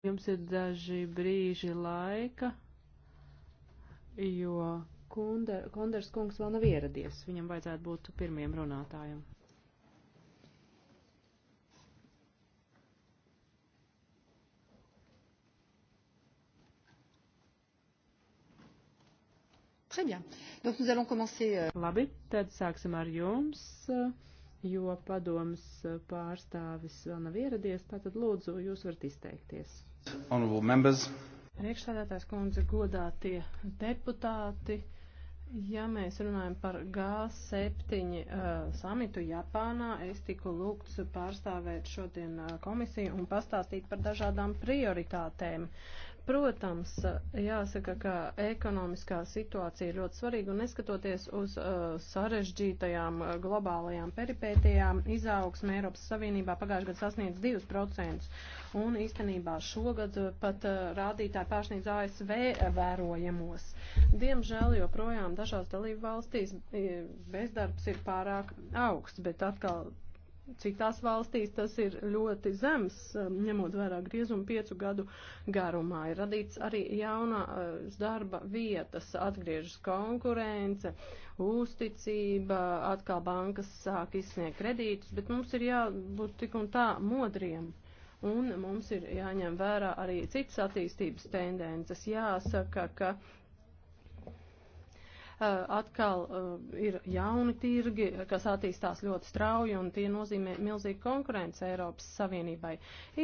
Jums ir daži brīži laika, jo Kunder, Kunders kungs vēl nav ieradies. Viņam vajadzētu būt pirmiem runātājiem. Très bien. Donc nous allons commencer. Euh, Labi, tad sāksim ar jums, euh, jo padoms euh, pārstāvis vēl nav ieradies, tātad lūdzu, jūs varat izteikties. Priekšsēdētājs kundze, godātie deputāti, ja mēs runājam par G7 uh, samitu Japānā, es tiku lūgts pārstāvēt šodien uh, komisiju un pastāstīt par dažādām prioritātēm. Uh, Protams, jāsaka, ka ekonomiskā situācija ir ļoti svarīga un neskatoties uz uh, sarežģītajām uh, globālajām peripētijām, izaugsme Eiropas Savienībā pagājušajā gadā sasniedz 2% un īstenībā šogad uh, pat uh, rādītāji pārsniedz ASV vērojamos. Diemžēl joprojām dažās dalību valstīs bezdarbs ir pārāk augsts, bet atkal Citās valstīs tas ir ļoti zems, um, ņemot vērā griezumu piecu gadu garumā. Ir radīts arī jaunās uh, darba vietas, atgriežas konkurence, uzticība, atkal bankas sāk izsniegt kredītus, bet mums ir jābūt tik un tā modriem. Un mums ir jāņem vērā arī citas attīstības tendences. Jāsaka, ka atkal ir jauni tirgi, kas attīstās ļoti strauji un tie nozīmē milzīgu konkurenci Eiropas Savienībai.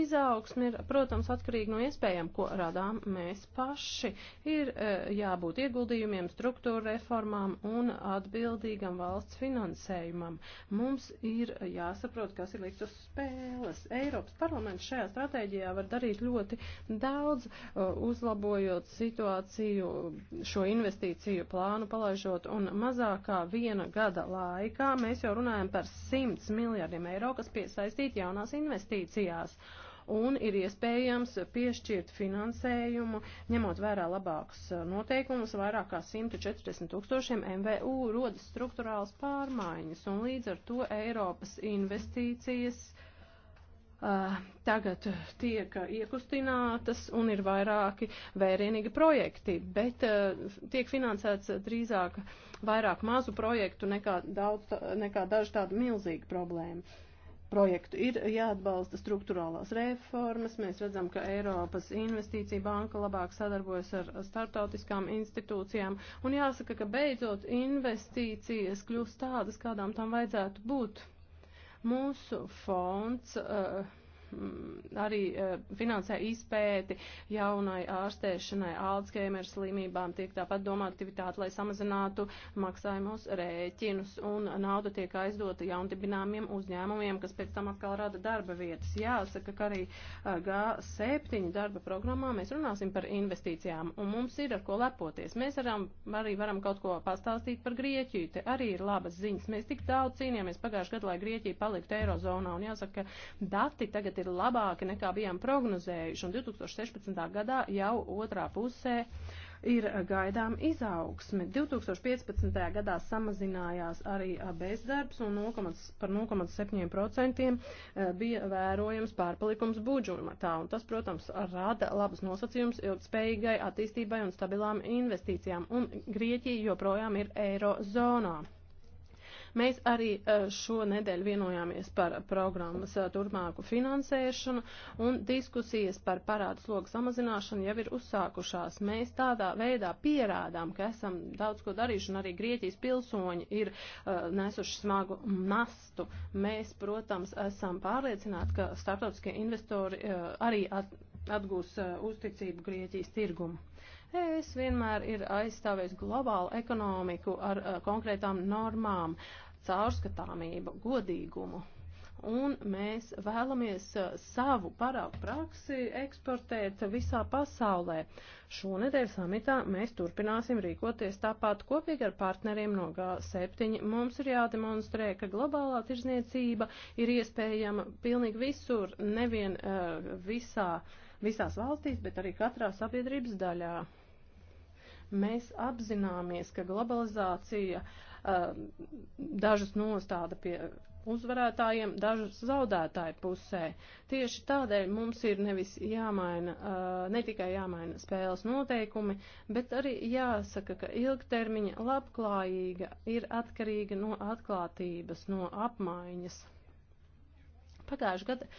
Izaugsmi ir, protams, atkarīgi no iespējām, ko radām mēs paši. Ir jābūt ieguldījumiem, struktūra reformām un atbildīgam valsts finansējumam. Mums ir jāsaprot, kas ir likts uz spēles. Eiropas parlaments šajā stratēģijā var darīt ļoti daudz, uzlabojot situāciju šo investīciju plānu palādu nolaižot, un mazākā viena gada laikā mēs jau runājam par 100 miljardiem eiro, kas piesaistīti jaunās investīcijās un ir iespējams piešķirt finansējumu, ņemot vērā labākus uh, noteikumus, vairāk kā 140 tūkstošiem MVU rodas struktūrāls pārmaiņas, un līdz ar to Eiropas investīcijas uh, Eh, tagad tiek iekustinātas un ir vairāki vērienīgi projekti, bet eh, tiek finansēts drīzāk vairāk mazu projektu nekā, daudz, nekā daži tādi milzīgi problēma. Projektu ir jāatbalsta struktūrālās reformas. Mēs redzam, ka Eiropas investīcija banka labāk sadarbojas ar startautiskām institūcijām. Un jāsaka, ka beidzot investīcijas kļūst tādas, kādām tam vajadzētu būt. Mūsu fonds. Uh, Mm, arī eh, finansē izpēti jaunai ārstēšanai, Alzheimer slimībām, tiek tāpat domā aktivitāte, lai samazinātu maksājumus rēķinus, un nauda tiek aizdota jaundibināmiem uzņēmumiem, kas pēc tam atkal rada darba vietas. Jāsaka, ka arī eh, G7 darba programmā mēs runāsim par investīcijām, un mums ir ar ko lepoties. Mēs varam, arī varam kaut ko pastāstīt par Grieķiju, te arī ir labas ziņas. Mēs tik daudz cīnījāmies pagājušajā gadā, lai Grieķija paliktu Eirozonā, un jāsaka, ka dati tagad tagad ir labāki nekā bijām prognozējuši, un 2016. gadā jau otrā pusē ir gaidām izaugsme. 2015. gadā samazinājās arī bezdarbs un 0, par 0,7% eh, bija vērojams pārpalikums budžetā, un tas, protams, rada labas nosacījums ilgspējīgai attīstībai un stabilām investīcijām, un Grieķija joprojām ir eirozonā. Mēs arī eh, šo nedēļu vienojāmies par programmas eh, turpmāku finansēšanu un diskusijas par parādu slogu samazināšanu jau ir uzsākušās. Mēs tādā veidā pierādām, ka esam daudz ko darījuši un arī Grieķijas pilsoņi ir uh, nesuši smagu nastu. Mēs, protams, esam pārliecināti, ka starptautiskie investori uh, arī at, atgūs uh, uzticību Grieķijas tirgumu. Es vienmēr ir aizstāvies globālu ekonomiku ar uh, konkrētām normām. Uh, caurskatāmību, godīgumu. Un mēs vēlamies eh, savu parādu praksi eksportēt visā pasaulē. Šonedēļ samitā mēs turpināsim rīkoties tāpat kopīgi ar partneriem no G7. Mums ir jādemonstrē, ka globālā tirzniecība ir iespējama pilnīgi visur, nevien uh, visā, visās valstīs, bet arī katrā sabiedrības daļā mēs apzināmies, ka globalizācija uh, Um, dažus nostāda pie uzvarētājiem, dažus zaudētāju pusē. Tieši tādēļ mums ir nevis jāmaina, uh, ne tikai jāmaina spēles noteikumi, bet arī jāsaka, ka ilgtermiņa labklājīga ir atkarīga no atklātības, no apmaiņas. Pagājuši gadu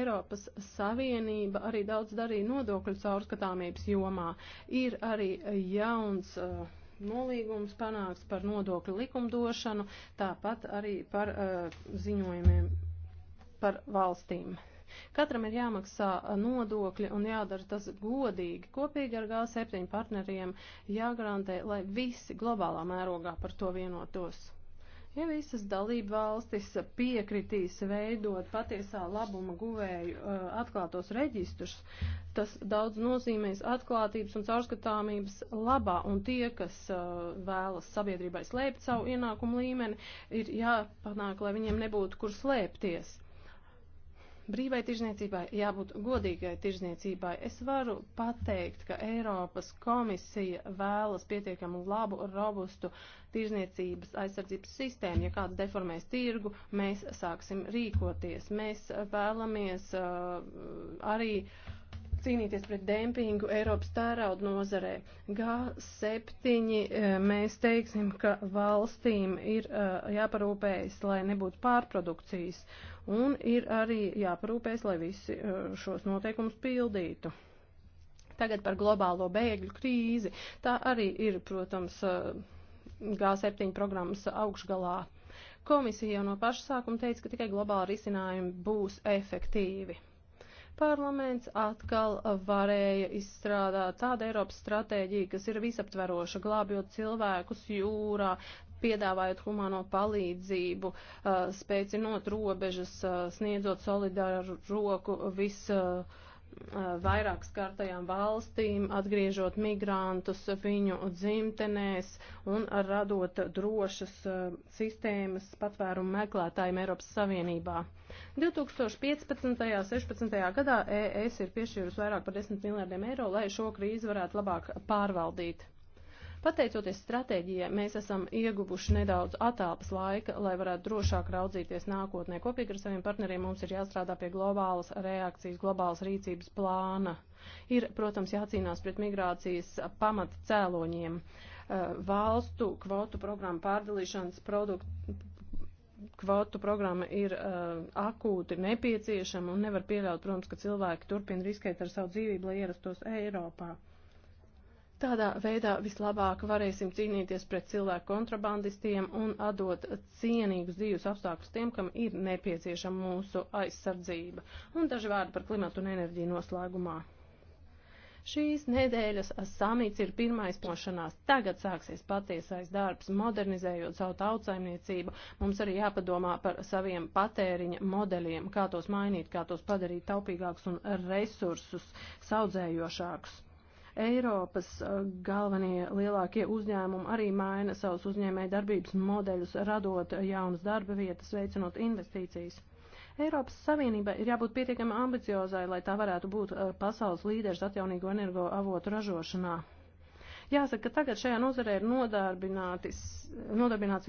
Eiropas Savienība arī daudz darīja nodokļu caurskatāmības jomā. Ir arī jauns uh, nolīgums panāks par nodokļu likumdošanu, tāpat arī par uh, ziņojumiem par valstīm. Katram ir jāmaksā eh, nodokļi un jādara tas godīgi. Kopīgi ar G7 partneriem jāgarantē, lai visi globālā mērogā par to vienotos. Ja visas dalība valstis piekritīs veidot patiesā labuma guvēju uh, atklātos reģistrus, tas daudz nozīmēs atklātības un caurskatāmības labā, un tie, kas uh, vēlas sabiedrībai slēpt savu ienākumu līmeni, ir jāpanāk, lai viņiem nebūtu kur slēpties. Uh, Brīvai tirzniecībai jābūt godīgai tirzniecībai. Es varu pateikt, ka Eiropas komisija vēlas pietiekamu labu, robustu tirzniecības aizsardzības sistēmu. Ja kāds deformēs tirgu, mēs sāksim rīkoties. Mēs vēlamies uh, arī cīnīties pret dempingu Eiropas tērauda nozarē. G7 uh, mēs teiksim, ka valstīm ir uh, jāparūpējas, lai nebūtu pārprodukcijas. Uh, un ir arī jāparūpēs, lai visi eh, šos noteikumus pildītu. Tagad par globālo bēgļu krīzi. Tā arī ir, protams, eh, G7 programmas augšgalā. Komisija jau no paša sākuma teica, ka tikai globāli risinājumi būs efektīvi. Parlaments atkal varēja izstrādāt tādu Eiropas stratēģiju, kas ir visaptveroša, glābjot cilvēkus jūrā, piedāvājot humano palīdzību, uh, spēcinot robežas, uh, sniedzot solidāru roku vis uh, vairāk skartajām valstīm, atgriežot migrantus viņu dzimtenēs un radot drošas sistēmas patvērumu meklētājiem Eiropas Savienībā. 2015. un 16. gadā ES ir piešķīrusi vairāk par 10 miljārdiem eiro, lai šo krīzi varētu labāk pārvaldīt. Pateicoties stratēģijai, mēs esam ieguvuši nedaudz atāpas laika, lai varētu drošāk raudzīties nākotnē. Kopīgi ar saviem partneriem mums ir jāstrādā pie globālas reakcijas, globālas rīcības plāna. Ir, protams, jācīnās pret migrācijas pamata cēloņiem. Eh, valstu kvotu programmu pārdalīšanas produktu kvotu programma ir uh, akūti nepieciešama un nevar pieļaut, protams, ka cilvēki turpina riskēt ar savu dzīvību, lai ierastos Eiropā. Uh, Tādā veidā vislabāk varēsim cīnīties pret cilvēku kontrabandistiem un atdot cienīgus dzīves apstākļus tiem, kam ir nepieciešama mūsu aizsardzība. Un daži vārdi par klimatu un enerģiju noslēgumā. Šīs nedēļas samits ir pirmais plašanās. Tagad sāksies patiesais darbs, modernizējot savu tautsaimniecību. Mums arī jāpadomā par saviem patēriņa modeļiem, kā tos mainīt, kā tos padarīt taupīgākus un resursus saudzējošākus. Eiropas uh, galvenie lielākie uzņēmumi arī maina savus uzņēmēju darbības modeļus, radot jaunas darba vietas, veicinot investīcijas. Eiropas Savienībai ir jābūt pietiekami ambiciozai, lai tā varētu būt uh, pasaules līderis atjaunīgo energo avotu ražošanā. Jāsaka, ka tagad šajā nozarē ir nodarbināts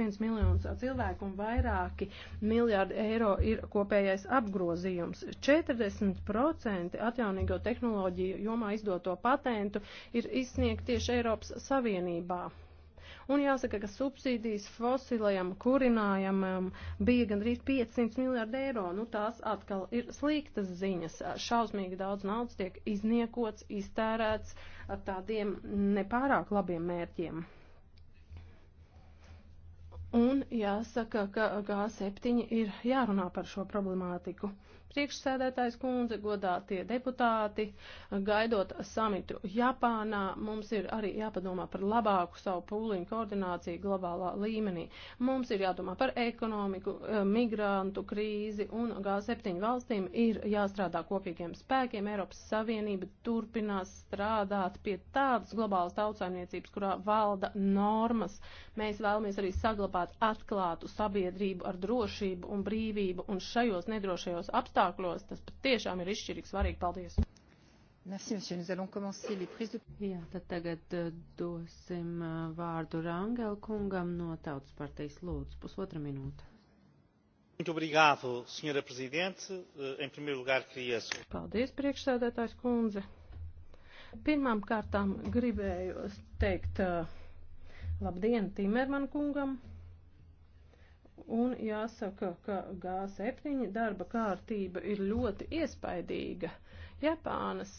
viens miljons cilvēku un vairāki miljārdi eiro ir kopējais apgrozījums. 40% atjaunīgo tehnoloģiju jomā izdoto patentu ir izsniegt tieši Eiropas Savienībā. Un jāsaka, ka subsīdijas fosilajam kurinājumam bija gandrīz 500 miljārdi eiro. Nu, tās atkal ir sliktas ziņas. Šausmīgi daudz naudas tiek izniekots, iztērēts ar tādiem nepārāk labiem mērķiem. Un jāsaka, ka G7 ir jārunā par šo problemātiku. Priekšsēdētājs kundze, godātie deputāti, gaidot samitu Japānā, mums ir arī jāpadomā par labāku savu pūliņu koordināciju globālā līmenī. Mums ir jādomā par ekonomiku, eh, migrantu krīzi un G7 valstīm ir jāstrādā kopīgiem spēkiem. Eiropas Savienība turpinās strādāt pie tādas globālas tautsaimniecības, kurā valda normas. Mēs vēlamies arī saglabāt atklātu sabiedrību ar drošību un brīvību un šajos nedrošajos apstākļos apstākļos, tas patiešām ir izšķirīgi svarīgi. Paldies! Merci, monsieur. Nous allons commencer les prises de... Jā, tad tagad eh, dosim eh, vārdu Rangel kungam no Tautas partijas lūdzu. Pusotra minūte. Muito obrigado, senhora presidente. Eh, em primeiro lugar, queria... Paldies, priekšsēdētājs kundze. Pirmām kārtām gribēju teikt labdien Timerman kungam. Un jāsaka, ka G7 darba kārtība ir ļoti iespaidīga. Japānas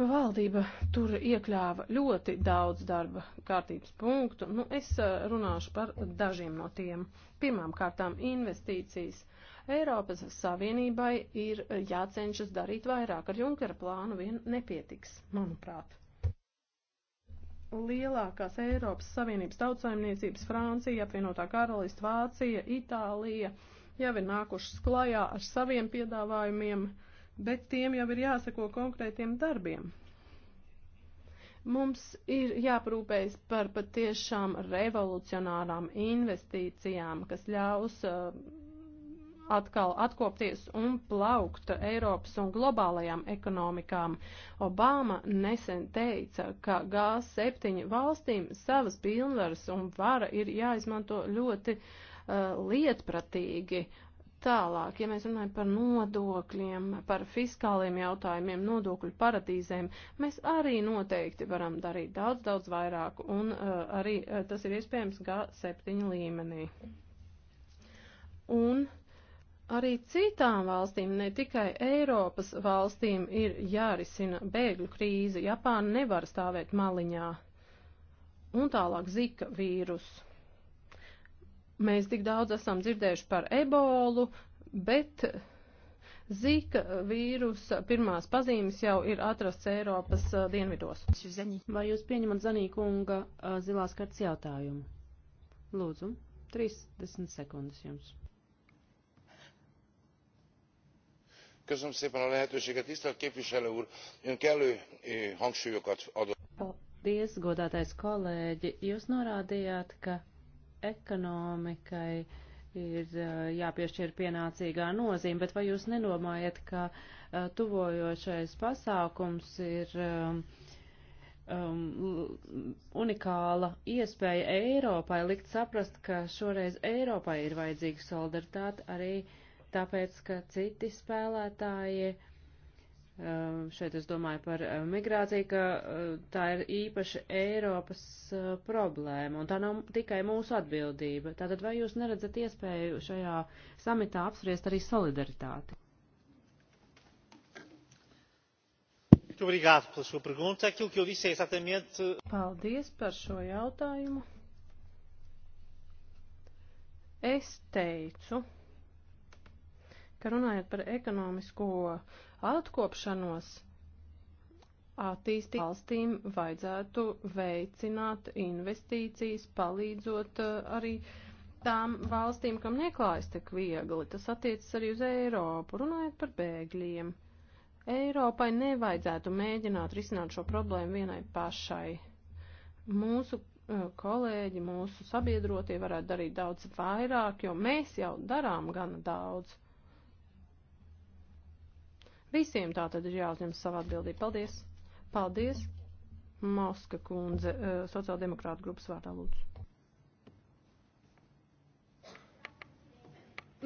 valdība tur iekļāva ļoti daudz darba kārtības punktu. Nu, es runāšu par dažiem no tiem. Pirmām kārtām investīcijas. Eiropas Savienībai ir jācenšas darīt vairāk. Ar Junkera plānu vien nepietiks, manuprāt lielākās Eiropas Savienības tautsājumniecības Francija, apvienotā karalista Vācija, Itālija jau ir nākušas klajā ar saviem piedāvājumiem, bet tiem jau ir jāsako konkrētiem darbiem. Mums ir jāprūpējas par patiešām revolucionārām investīcijām, kas ļaus uh, atkal atkopties un plaukt Eiropas un globālajām ekonomikām. Obama nesen teica, ka G7 valstīm savas pilnvaras un vara ir jāizmanto ļoti uh, lietpratīgi. Tālāk, ja mēs runājam par nodokļiem, par fiskāliem jautājumiem, nodokļu paradīzēm, mēs arī noteikti varam darīt daudz, daudz vairāk, un uh, arī uh, tas ir iespējams G7 līmenī. Un Arī citām valstīm, ne tikai Eiropas valstīm, ir jārisina bēgļu krīze. Japāna nevar stāvēt maliņā. Un tālāk zika vīrus. Mēs tik daudz esam dzirdējuši par ebolu, bet Zika vīrusa pirmās pazīmes jau ir atrasts Eiropas uh, dienvidos. Vai jūs pieņemat Zanīkunga uh, zilās kartas jautājumu? Lūdzu, 30 sekundes jums. köszönöm szépen a lehetőséget. tisztelt képviselő úr ön kellő eh, hangsúlyokat adott. Paldies, godātais kolēģi. Jūs norādījāt, ka ekonomikai ir eh, jāpiešķir pienācīgā nozīme, bet vai jūs nedomājat, ka eh, tuvojošais pasākums ir um, um, unikāla iespēja Eiropai likt saprast, ka šoreiz Eiropai ir vajadzīga solidaritāte arī uh, tāpēc, ka citi spēlētāji, um, šeit es domāju par uh, migrāciju, ka uh, tā ir īpaši Eiropas uh, problēma, un tā nav tikai mūsu atbildība. Tātad vai jūs neredzat iespēju šajā samitā apspriest arī solidaritāti? Muito obrigado pela sua pergunta. Aquilo que eu disse é exatamente. Paldies par šo jautājumu. Es teicu, ka runājot par ekonomisko atkopšanos, attīstīt valstīm vajadzētu veicināt investīcijas, palīdzot uh, arī tām valstīm, kam neklājas tik viegli. Tas attiecas arī uz Eiropu, runājot par bēgļiem. Eiropai nevajadzētu mēģināt risināt šo problēmu vienai pašai. Mūsu uh, kolēģi, mūsu sabiedrotie varētu darīt daudz vairāk, jo mēs jau darām gana daudz. Visiem tā tad ir jāuzņem savu atbildību. Paldies! Paldies! Mauska kundze, eh, sociāldemokrāta grupas vārdā lūdzu.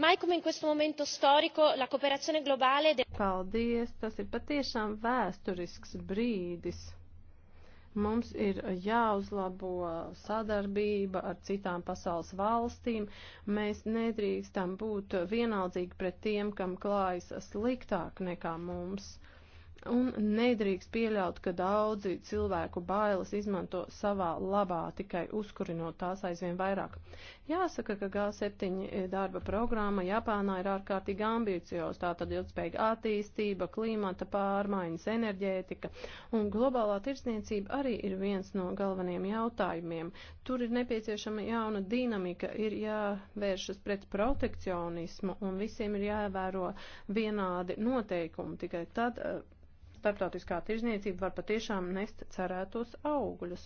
Mai come in questo momento storico la cooperazione globale. De... Paldies, tas ir patiešām vēsturisks brīdis. Mums ir jāuzlabo sadarbība ar citām pasaules valstīm. Mēs nedrīkstam būt vienaldzīgi pret tiem, kam klājas sliktāk nekā mums. Uh, Un nedrīkst pieļaut, ka daudzi cilvēku bailes izmanto savā labā, tikai uzkurinot tās aizvien vairāk. Jāsaka, ka G7 darba programma Japānā ir ārkārtīgi ambiciozs, tātad ilgspējīga attīstība, klimata pārmaiņas, enerģētika, un globālā tirsniecība arī ir viens no galvenajiem jautājumiem. Tur ir nepieciešama jauna dinamika, ir jāvēršas pret protekcionismu, un visiem ir jāievēro vienādi noteikumi. Tikai tad starptautiskā tirzniecība var patiešām nest cerētos augļus.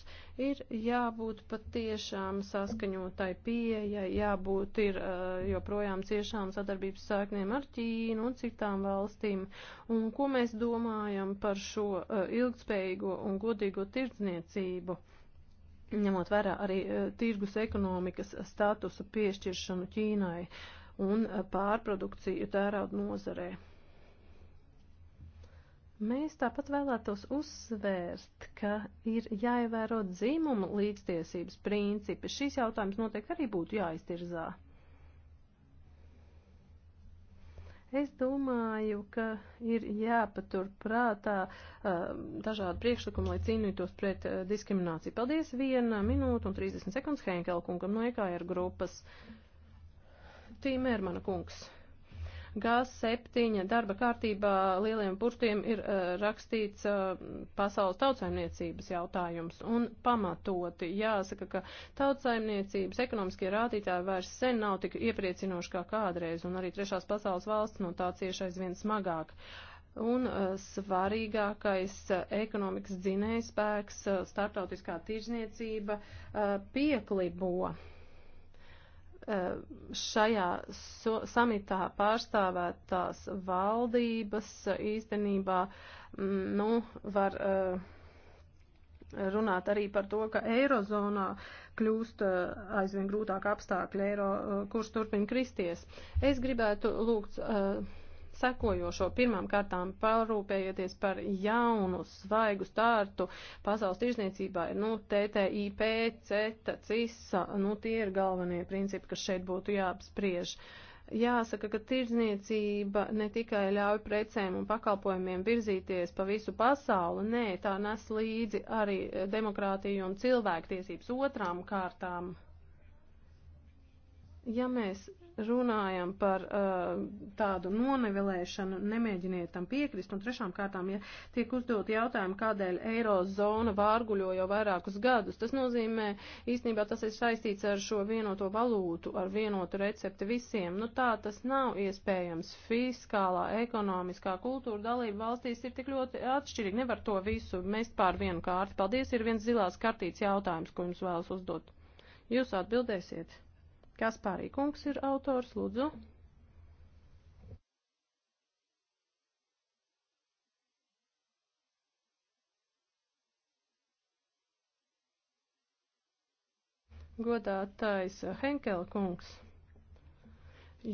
Ir jābūt patiešām saskaņotai pieejai, jābūt ir eh, joprojām ciešām sadarbības sākniem ar Ķīnu un citām valstīm. Un ko mēs domājam par šo eh, ilgspējīgo un godīgo tirdzniecību? ņemot vērā arī eh, tirgus ekonomikas statusa piešķiršanu Ķīnai un pārprodukciju tērauda nozarē. Mēs tāpat vēlētos uzsvērt, ka ir jāievēro dzimumu līdztiesības principi. Šīs jautājums noteikti arī būtu jāiztirzā. Es domāju, ka ir jāpatur prātā uh, dažādi priekšlikumi, lai cīnītos pret uh, diskrimināciju. Paldies, 1 minūte un 30 sekundes Henkel kungam no EKR grupas. Tīmērmana kungs. G7 darba kārtībā lieliem burtiem ir uh, rakstīts uh, pasaules tautsaimniecības jautājums un pamatoti jāsaka, ka tautsaimniecības ekonomiskie rādītāji vairs sen nav tik iepriecinoši kā kādreiz un arī trešās pasaules valsts no tā cieši aizvien smagāk. Un uh, svarīgākais uh, ekonomikas dzinējspēks, uh, starptautiskā tirzniecība uh, pieklibo. Uh, Eh, šajā samitā pārstāvētās valdības īstenībā mm, nu, var eh, runāt arī par to, ka eirozonā kļūst eh, aizvien grūtāk apstākļi, eiro kurs turpina kristies. Es gribētu lūgt sekojošo. Pirmām kārtām parūpējieties par jaunu, svaigu startu pasaules tirzniecībai. Nu, TTIP, CETA, CISA, nu, tie ir galvenie principi, kas šeit būtu jāapspriež. Jāsaka, ka tirdzniecība ne tikai ļauj precēm un pakalpojumiem virzīties pa visu pasauli, nē, tā nes līdzi arī demokrātiju un cilvēktiesības otrām kārtām Ja mēs runājam par uh, tādu nonevelēšanu, nemēģiniet tam piekrist, un trešām kārtām, ja tiek uzdot jautājumu, kādēļ eirozona vārguļo jau vairākus gadus, tas nozīmē, īstenībā tas ir saistīts ar šo vienoto valūtu, ar vienotu recepti visiem. Nu tā tas nav iespējams. Fiskālā, ekonomiskā kultūra dalība valstīs ir tik ļoti atšķirīga. Nevar to visu mest pār vienu kārti. Paldies, ir viens zilās kartīts jautājums, ko jums vēlas uzdot. Jūs atbildēsiet. Kaspārī kungs ir autors, lūdzu. Godātais Henkela kungs.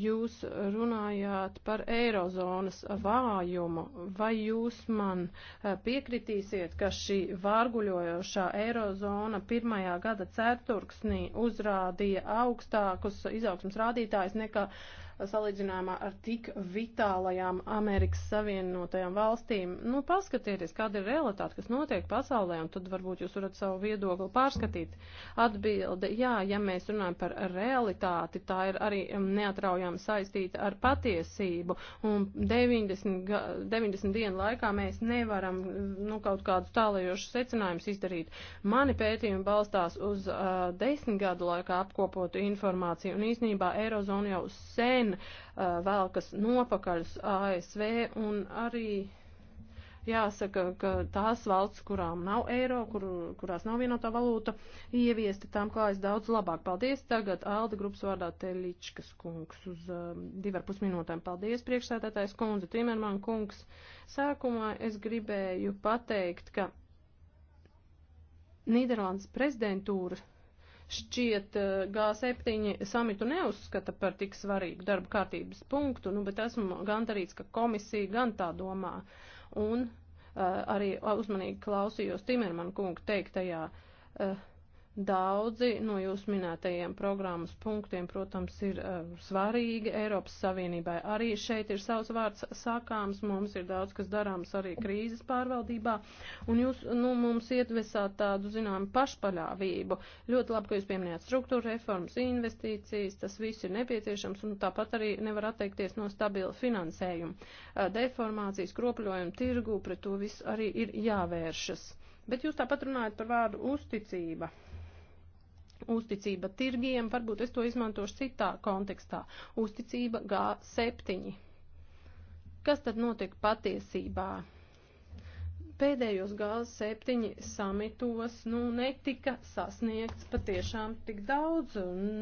Jūs runājāt par eirozonas vājumu. Vai jūs man eh, piekritīsiet, ka šī vārguļojošā eirozona pirmajā gada ceturksnī uzrādīja augstākus izaugsmas rādītājus nekā uh, salīdzinājumā ar tik vitālajām Amerikas Savienotajām valstīm. Nu, paskatieties, kāda ir realitāte, kas notiek pasaulē, un tad varbūt jūs varat savu viedokli pārskatīt. Atbilde, jā, ja mēs runājam par realitāti, tā ir arī um, neatraujām saistīta ar patiesību, un 90, 90 dienu laikā mēs nevaram, nu, kaut kādus tālajošus secinājumus izdarīt. Mani pētījumi balstās uz uh, desmit gadu laikā apkopotu informāciju, un īsnībā Eirozona jau sen aizvien uh, velkas nopakaļus ASV un arī jāsaka, ka tās valsts, kurām nav eiro, kur, kurās nav vienotā valūta, ieviesta tām klājas daudz labāk. Paldies tagad Alda grupas vārdā Teličkas kungs uz um, divar pusminūtēm. Paldies priekšsēdētājs kundze Timerman kungs. Sākumā es gribēju pateikt, ka Nīderlandes prezidentūra šķiet eh, G7 samitu neuzskata par tik svarīgu darba kārtības punktu, nu, bet esmu gan darīts, ka komisija gan tā domā. Un uh, arī uzmanīgi klausījos Timerman kungu teiktajā. Uh, Daudzi no jūs minētajiem programmas punktiem, protams, ir uh, svarīgi. Eiropas Savienībai arī šeit ir savs vārds sakāms, mums ir daudz, kas darāms arī krīzes pārvaldībā, un jūs, nu, mums iedvesāt tādu, zinām, pašpaļāvību. Ļoti labi, ka jūs pieminējāt struktūra reformas, investīcijas, tas viss ir nepieciešams, un tāpat arī nevar atteikties no stabila finansējuma. Uh, deformācijas, kropļojuma tirgu, pret to viss arī ir jāvēršas. Bet jūs tāpat runājat par vārdu uzticība. Uzticība tirgiem, varbūt es to izmantošu citā kontekstā. Uzticība G7. Kas tad notiek patiesībā? pēdējos G7 samitos nu, netika sasniegts patiešām tik daudz,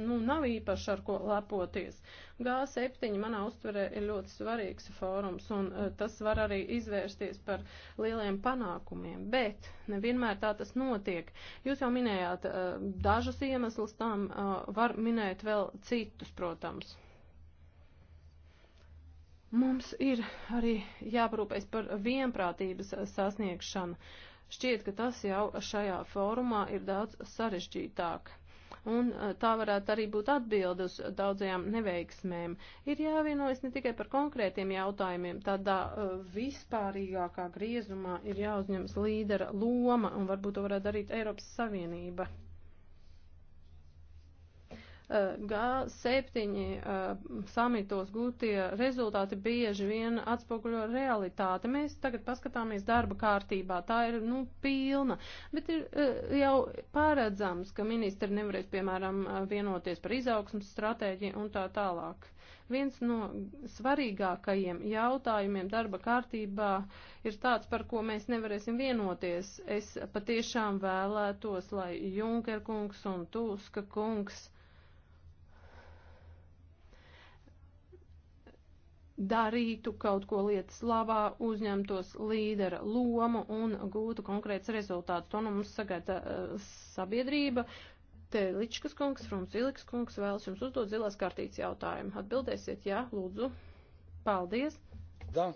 nu, nav īpaši ar ko lepoties. G7 manā uztverē ir ļoti svarīgs fórums, un e, tas var arī izvērsties par lieliem panākumiem, bet nevienmēr tā tas notiek. Jūs jau minējāt e, dažus iemeslus tam, e, var minēt vēl citus, protams. Mums ir arī jāparūpēs par vienprātības sasniegšanu. Šķiet, ka tas jau šajā fórumā ir daudz sarežģītāk. Un e, tā varētu arī būt atbilde uz daudzajām neveiksmēm. Ir jāvienojas ne tikai par konkrētiem jautājumiem, tādā e, vispārīgākā griezumā ir jāuzņemas līdera loma, un varbūt to varētu darīt Eiropas Savienība. G7 eh, samitos gūtie rezultāti bieži vien atspoguļo realitāti. Mēs tagad paskatāmies darba kārtībā, tā ir, nu, pilna, bet ir eh, jau pārredzams, ka ministri nevarēs, piemēram, eh, vienoties par izaugsmas stratēģiju un tā tālāk. Viens no svarīgākajiem jautājumiem darba kārtībā ir tāds, par ko mēs nevarēsim vienoties. Es patiešām vēlētos, lai Junker kungs un Tuska kungs darītu kaut ko lietas labā, uzņemtos līdera lomu un gūtu konkrēts rezultāts. To nu mums sagaida uh, sabiedrība. Te Ličkas kungs, Frums Iliks kungs vēlas jums uzdot zilās kārtītas jautājumu. Atbildēsiet, jā, lūdzu. Paldies. Da,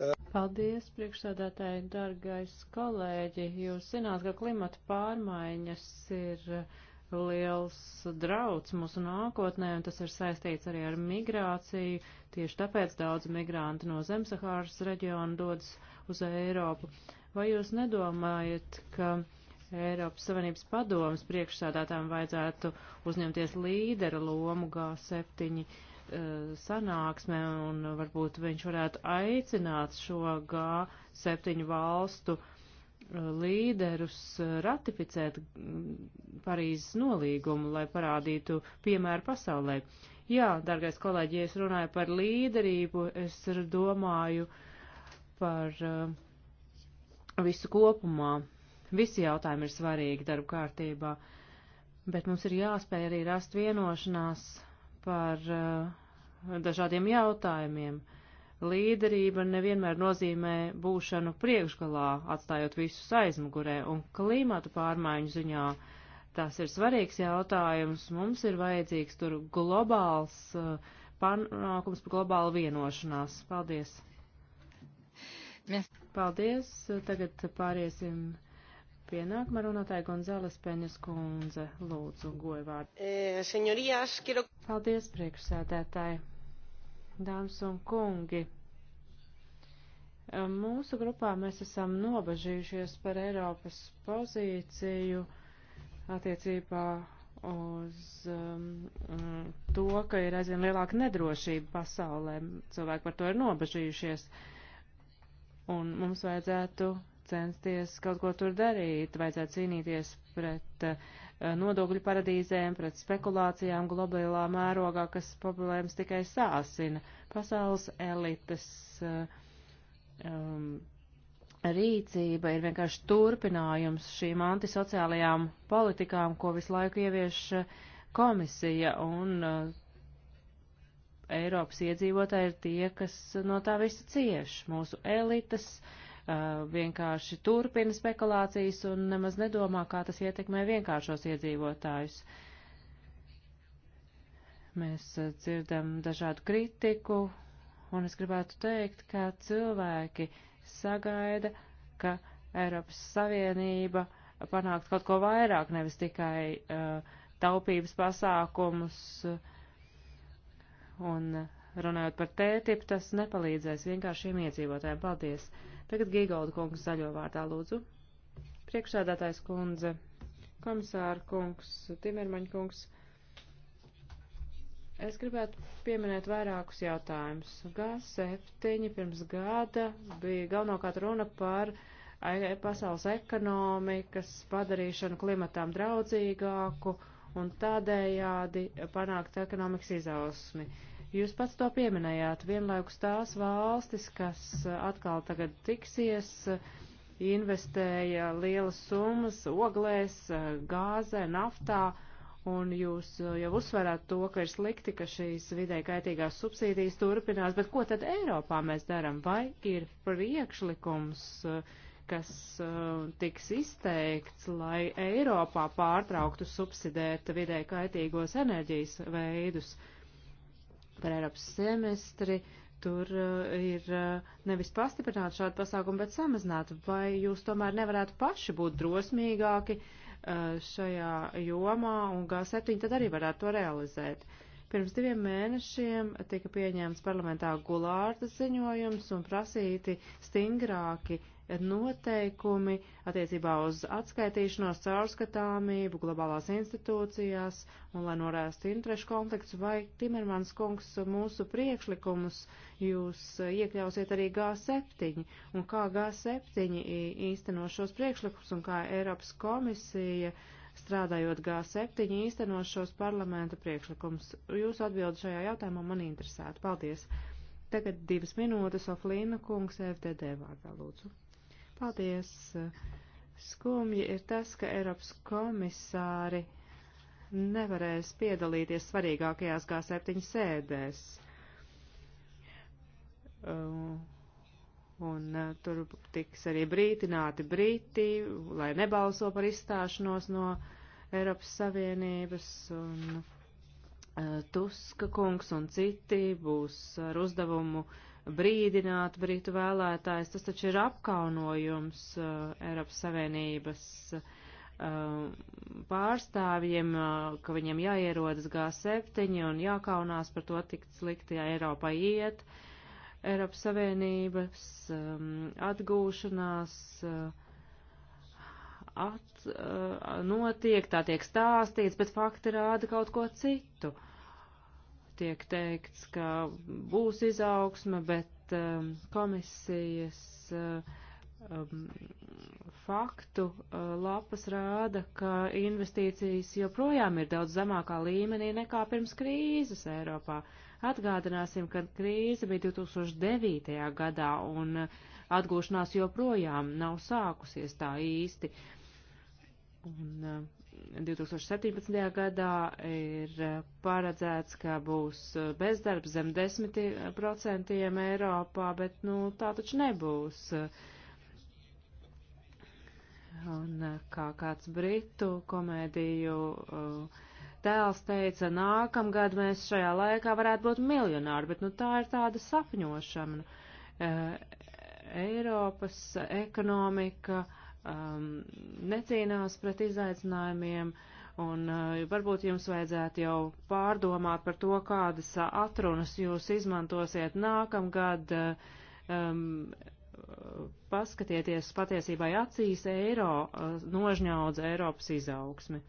uh... Paldies, priekšsādātāji, dargais kolēģi. Jūs zināt, ka klimata pārmaiņas ir. Uh, liels drauds mūsu nākotnē, un tas ir saistīts arī ar migrāciju. Tieši tāpēc daudz migranti no Zemsahāras reģiona dodas uz Eiropu. Vai jūs nedomājat, ka Eiropas Savienības padomas priekšsādātām vajadzētu uzņemties līdera lomu G7 uh, sanāksmē, un varbūt viņš varētu aicināt šo G7 valstu uh, Eh, līderus eh, ratificēt mm, Parīzes nolīgumu, lai parādītu piemēru pasaulē. Jā, dargais kolēģi, ja es runāju par līderību, es domāju par uh, visu kopumā. Visi jautājumi ir svarīgi darba kārtībā, bet mums ir jāspēj arī rast vienošanās par uh, dažādiem jautājumiem. Uh, Līderība nevienmēr nozīmē būšanu priekšgalā, atstājot visus aizmugurē, un klimatu pārmaiņu ziņā tas ir svarīgs jautājums. Mums ir vajadzīgs tur globāls uh, panākums par globālu vienošanās. Paldies! Paldies! Tagad pāriesim pie nākamā runātāja Gonzales Peņas kundze. Lūdzu, goju vārdu. E, señorías, quiero... Paldies, priekšsēdētāji! dāmas un kungi! Mūsu grupā mēs esam nobažījušies par Eiropas pozīciju attiecībā uz um, mm, to, ka ir aizvien lielāka nedrošība pasaulē. Cilvēki par to ir nobažījušies. Un mums vajadzētu censties kaut ko tur darīt, vajadzētu cīnīties pret uh, Eh, nodokļu paradīzēm, pret spekulācijām globālā mērogā, kas problēmas tikai sāsina. Pasaules elites eh, um, rīcība ir vienkārši turpinājums šīm antisociālajām politikām, ko visu laiku ievieš eh, komisija, un uh, Eiropas iedzīvotāji ir tie, kas no tā visa cieš. Mūsu elites uh, vienkārši turpina spekulācijas un nemaz nedomā, kā tas ietekmē vienkāršos iedzīvotājus. Mēs dzirdam dažādu kritiku, un es gribētu teikt, ka cilvēki sagaida, ka Eiropas Savienība panākt kaut ko vairāk, nevis tikai uh, taupības pasākumus. Un runājot par tētipu, tas nepalīdzēs vienkāršiem iedzīvotājiem. Paldies! Tagad Gīgolda kungs zaļo vārdā lūdzu. Priekšsēdētājs kundze, komisāra kungs, Timermaņa kungs. Es gribētu pieminēt vairākus jautājumus. G7 pirms gada bija galvenokārt runa par pasaules ekonomikas padarīšanu klimatām draudzīgāku un tādējādi panākt ekonomikas izausmi. Uh, Jūs pats to pieminējāt. Vienlaikus tās valstis, kas uh, atkal tagad tiksies, uh, investēja lielas summas oglēs, uh, gāzē, naftā, un jūs jau uzsverāt to, ka ir slikti, ka šīs vidē kaitīgās subsīdijas turpinās, bet ko tad Eiropā mēs daram? Vai ir priekšlikums? kas uh, tiks izteikts, lai Eiropā pārtrauktu subsidēt vidē kaitīgos enerģijas veidus. Uh, par Eiropas semestri, tur uh, ir uh, nevis pastiprināt šādu pasākumu, bet samazināt. Vai jūs tomēr nevarētu paši būt drosmīgāki uh, šajā jomā, un G7 tad arī varētu to realizēt? Pirms diviem mēnešiem tika pieņemts parlamentā Gulārdas ziņojums un prasīti stingrāki noteikumi attiecībā uz atskaitīšanos, caurskatāmību globālās institūcijās un lai norēstu interešu konflikts, vai Timermans kungs mūsu priekšlikumus jūs iekļausiet arī G7 un kā G7 īsteno šos priekšlikumus un kā Eiropas komisija strādājot G7 īsteno šos parlamenta priekšlikumus. Jūsu atbildi šajā jautājumā man interesētu. Paldies! Tagad divas minūtes Oflīna kungs FDD vārdā lūdzu. Paldies! Skumji ir tas, ka Eiropas komisāri nevarēs piedalīties svarīgākajās G7 sēdēs. Uh, un uh, tur tiks arī brītināti brīti, lai nebalso par izstāšanos no Eiropas Savienības. Un, uh, Tuska kungs un citi būs ar uzdevumu uh, brīdināt Britu vēlētājs. Tas taču ir apkaunojums uh, Eiropas Savienības uh, pārstāvjiem, uh, ka viņiem jāierodas G7 un jākaunās par to, cik slikti ja Eiropā iet. Eiropas Savienības um, atgūšanās uh, at, uh, notiek, tā tiek stāstīts, bet fakti rāda kaut ko citu. Uh, tiek teikts, ka būs izaugsme, bet um, komisijas uh, um, faktu uh, lapas rāda, ka investīcijas joprojām ir daudz zemākā līmenī nekā pirms krīzes Eiropā. Atgādināsim, ka krīze bija 2009. gadā un uh, atgūšanās joprojām nav sākusies tā īsti. Un, uh, 2017. gadā ir paredzēts, ka būs bezdarbs zem 10% Eiropā, bet nu, tā taču nebūs. Un kā kāds britu komēdiju uh, tēls teica, nākamgad mēs šajā laikā varētu būt miljonāri, bet nu tā ir tāda sapņošana. Uh, Eiropas ekonomika uh, um, necīnās pret izaicinājumiem, un uh, varbūt jums vajadzētu jau pārdomāt par to, kādas uh, atrunas jūs izmantosiet nākamgad. Uh, um, paskatieties patiesībai acīs eiro, uh, nožņaudz Eiropas izaugsmi.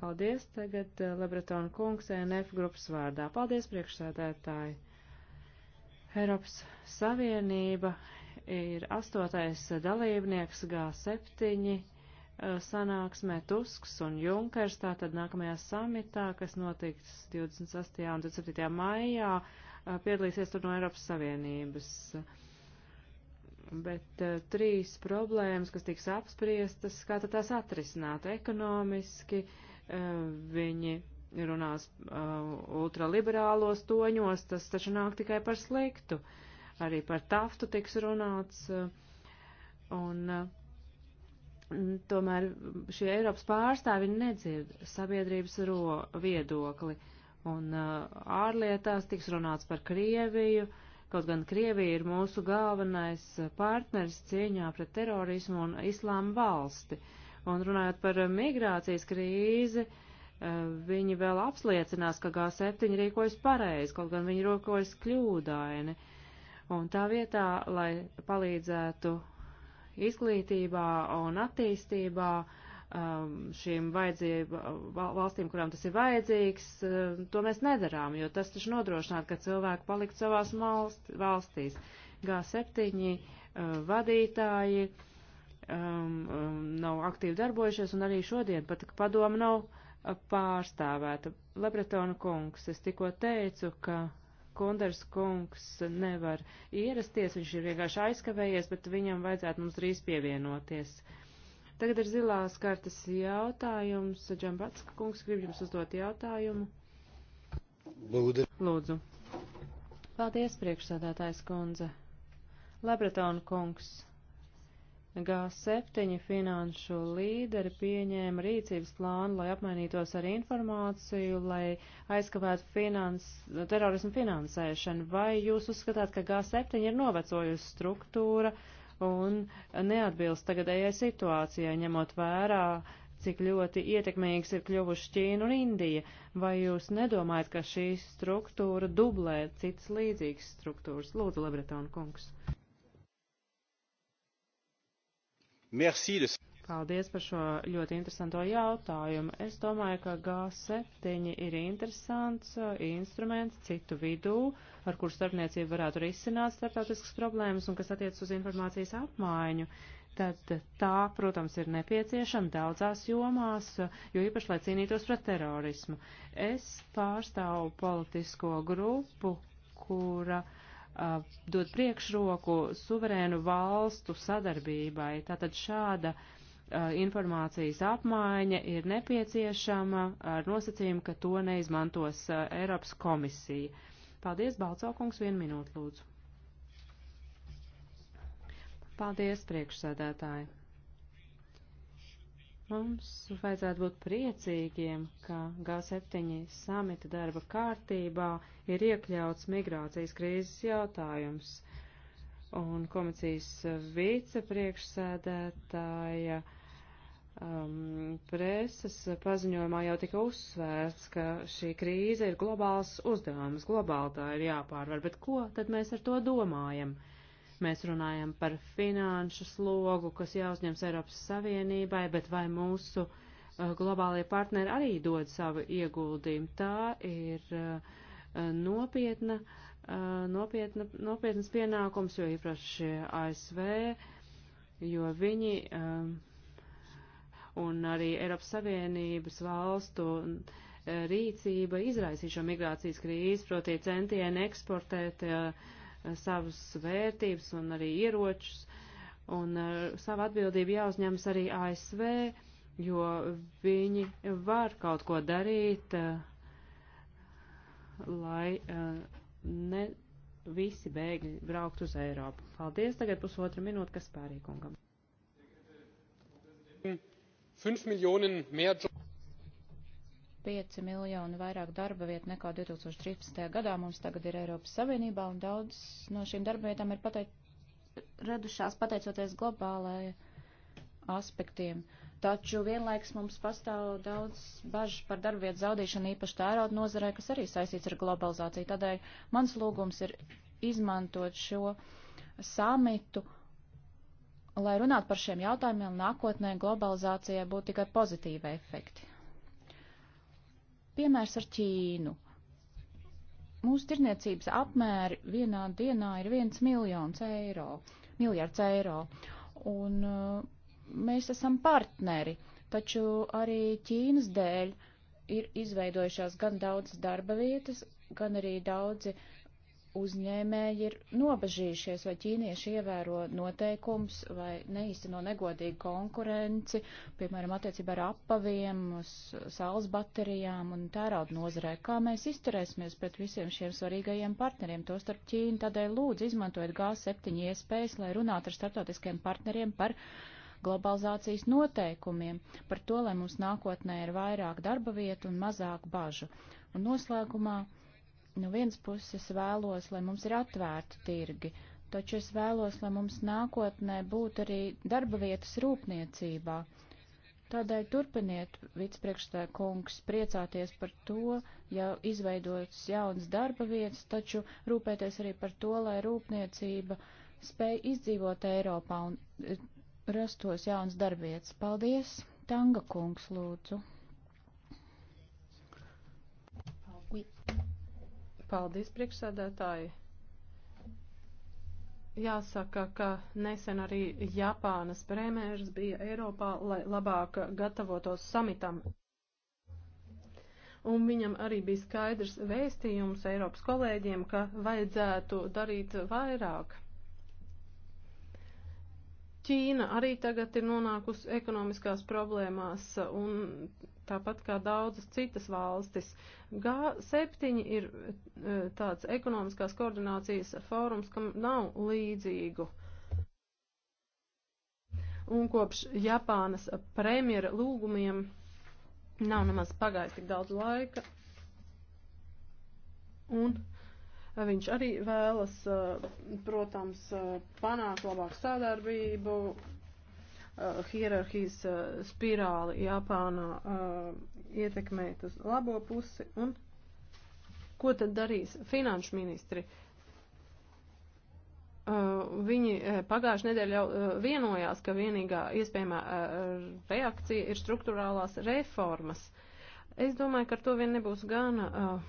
Paldies tagad uh, Lebretona kungs e NF grupas vārdā. Paldies priekšsēdētāji. Eiropas Savienība ir astotais dalībnieks G7 eh, sanāksmē Tusks un Junkers, tātad nākamajā samitā, kas notiks 28. un 27. maijā, eh, piedalīsies tur no Eiropas Savienības. Bet uh, trīs problēmas, kas tiks apspriestas, kā tad tās atrisināt ekonomiski, uh, viņi runās uh, ultraliberālos toņos, tas taču nāk tikai par sliktu. Uh, arī par taftu tiks runāts. Uh, un, uh, tomēr šie Eiropas pārstāvi nedzird sabiedrības ro viedokli. Un uh, ārlietās tiks runāts par Krieviju, kaut gan Krievija ir mūsu galvenais partners cieņā pret terorismu un islāma valsti. Un runājot par migrācijas krīzi, viņi vēl apsliecinās, ka G7 rīkojas pareizi, kaut gan viņi rīkojas kļūdaini. Uh, Un tā vietā, lai palīdzētu izglītībā un attīstībā um, šīm vajadzību valstīm, kurām tas ir vajadzīgs, um, to mēs nedarām, jo tas taču nodrošinātu, ka cilvēki palikt savās valstīs. G7 uh, vadītāji um, um, nav aktīvi darbojušies, un arī šodien pat padoma nav uh, pārstāvēta. Lebretona kungs, es tikko teicu, ka Kunders kungs nevar ierasties, viņš ir vienkārši aizkavējies, bet viņam vajadzētu mums drīz pievienoties. Tagad ir zilās kartas jautājums. Džambatska kungs grib jums uzdot jautājumu. Lūdzu. Lūdzu. Paldies, priekšsādātājs kundze. Lebretona kungs. G7 finanšu līderi pieņēma rīcības plānu, lai apmainītos ar informāciju, lai aizkavētu finans, terorismu finansēšanu. Vai jūs uzskatāt, ka G7 ir novecojusi struktūra un neatbilst tagadējai situācijai, ņemot vērā, cik ļoti ietekmīgs ir kļuvuši Ķīna un Indija? Vai jūs nedomājat, ka šī struktūra dublē citas līdzīgas struktūras? Lūdzu, Lebretona kungs. Merci de... Paldies par šo ļoti interesanto jautājumu. Es domāju, ka G7 ir interesants uh, instruments citu vidū, ar kur starpniecību varētu risināt starptautiskas problēmas un kas attiec uz informācijas apmaiņu. Tad tā, protams, ir nepieciešama daudzās jomās, uh, jo īpaši, lai cīnītos pret terorismu. Es pārstāvu politisko grupu, kura uh, dot priekšroku suverēnu valstu sadarbībai. Tātad šāda informācijas apmaiņa ir nepieciešama ar nosacījumu, ka to neizmantos Eiropas komisija. Paldies, Balcaukungs, vienu minūtu lūdzu. Paldies, priekšsēdētāji. Mums vajadzētu būt priecīgiem, ka G7 samita darba kārtībā ir iekļauts migrācijas krīzes jautājums. Un komisijas vicepriekšsēdētāja um, preses paziņojumā jau tika uzsvērts, ka šī krīze ir globāls uzdevums, globāli tā ir jāpārvar, bet ko tad mēs ar to domājam? Uh, mēs runājam par finanšu slogu, kas jāuzņems Eiropas Savienībai, bet vai mūsu uh, globālie partneri arī dod savu ieguldījumu? Tā ir uh, nopietna, uh, nopietna, nopietnas pienākums, jo īpaši ASV, jo viņi um, un arī Eiropas Savienības valstu uh, rīcība izraisīja šo migrācijas krīzi, proti centieni eksportēt uh, savas vērtības un arī ieročus. Un uh, savu atbildību jāuzņemas arī ASV, jo viņi var kaut ko darīt, uh, lai uh, ne visi bēgļi braukt uz Eiropu. Paldies, tagad pusotra minūte, kas pārīkungam. 5 Millionen mehr Jobs. 5 miljonu vairāk darba vietu nekā 2013. gadā mums tagad ir Eiropas Savienībā, un daudz no šīm darba vietām ir pateic radušās pateicoties globālajai aspektiem. Taču vienlaiks mums pastāv daudz bažu par darbvietu zaudīšanu, īpaši tērauda nozarē, kas arī saistīts ar globalizāciju. Tādēļ mans lūgums ir izmantot šo samitu, lai runātu par šiem jautājumiem, nākotnē globalizācijai būtu tikai pozitīvi efekti. Piemērs ar Ķīnu. Mūsu tirniecības apmēri vienā dienā ir viens miljons eiro, miljards eiro, un uh, mēs esam partneri, taču arī Ķīnas dēļ ir izveidojušās gan daudzas darba vietas, gan arī daudzi uzņēmēji ir nobežījušies, vai ķīnieši ievēro noteikums vai neīsteno negodīgu konkurenci, piemēram, attiecībā ar apaviem, uz saules baterijām un tērauda nozarē. Kā mēs izturēsimies pret visiem šiem svarīgajiem partneriem, to starp Ķīnu, tādēļ lūdzu izmantojiet G7 iespējas, lai runātu ar starptautiskiem partneriem par globalizācijas noteikumiem, par to, lai mums nākotnē ir vairāk darba vietu un mazāk bažu. Un noslēgumā no vienas puses vēlos, lai mums ir atvērti tirgi, taču es vēlos, lai mums nākotnē būtu arī darba vietas rūpniecībā. Tādēļ turpiniet, vicepriekšstādā kungs, priecāties par to, ja izveidotas jaunas darba vietas, taču rūpēties arī par to, lai rūpniecība spēj izdzīvot Eiropā un eh, rastos jaunas darbvietas. Paldies! Tanga kungs, lūdzu! Paldies, priekšsēdētāji. Jāsaka, ka nesen arī Japānas premērs bija Eiropā, lai labāk gatavotos samitam. Un viņam arī bija skaidrs vēstījums Eiropas kolēģiem, ka vajadzētu darīt vairāk. Ķīna arī tagad ir nonākusi ekonomiskās problēmās uh, un tāpat kā daudzas citas valstis. G7 ir uh, tāds ekonomiskās koordinācijas fórums, kam nav līdzīgu. Un kopš Japānas premjera lūgumiem nav nemaz pagājis tik daudz laika. Un Viņš arī vēlas, eh, protams, eh, panākt labāku sadarbību. Eh, hierarhijas spirāli Japānā ietekmēt uz labo pusi. Un ko tad darīs finanšu ministri? Viņi pagājušajā nedēļā jau vienojās, ka vienīgā iespējamā reakcija ir struktūrālās reformas. Es domāju, ka ar to vien nebūs gana. Uh,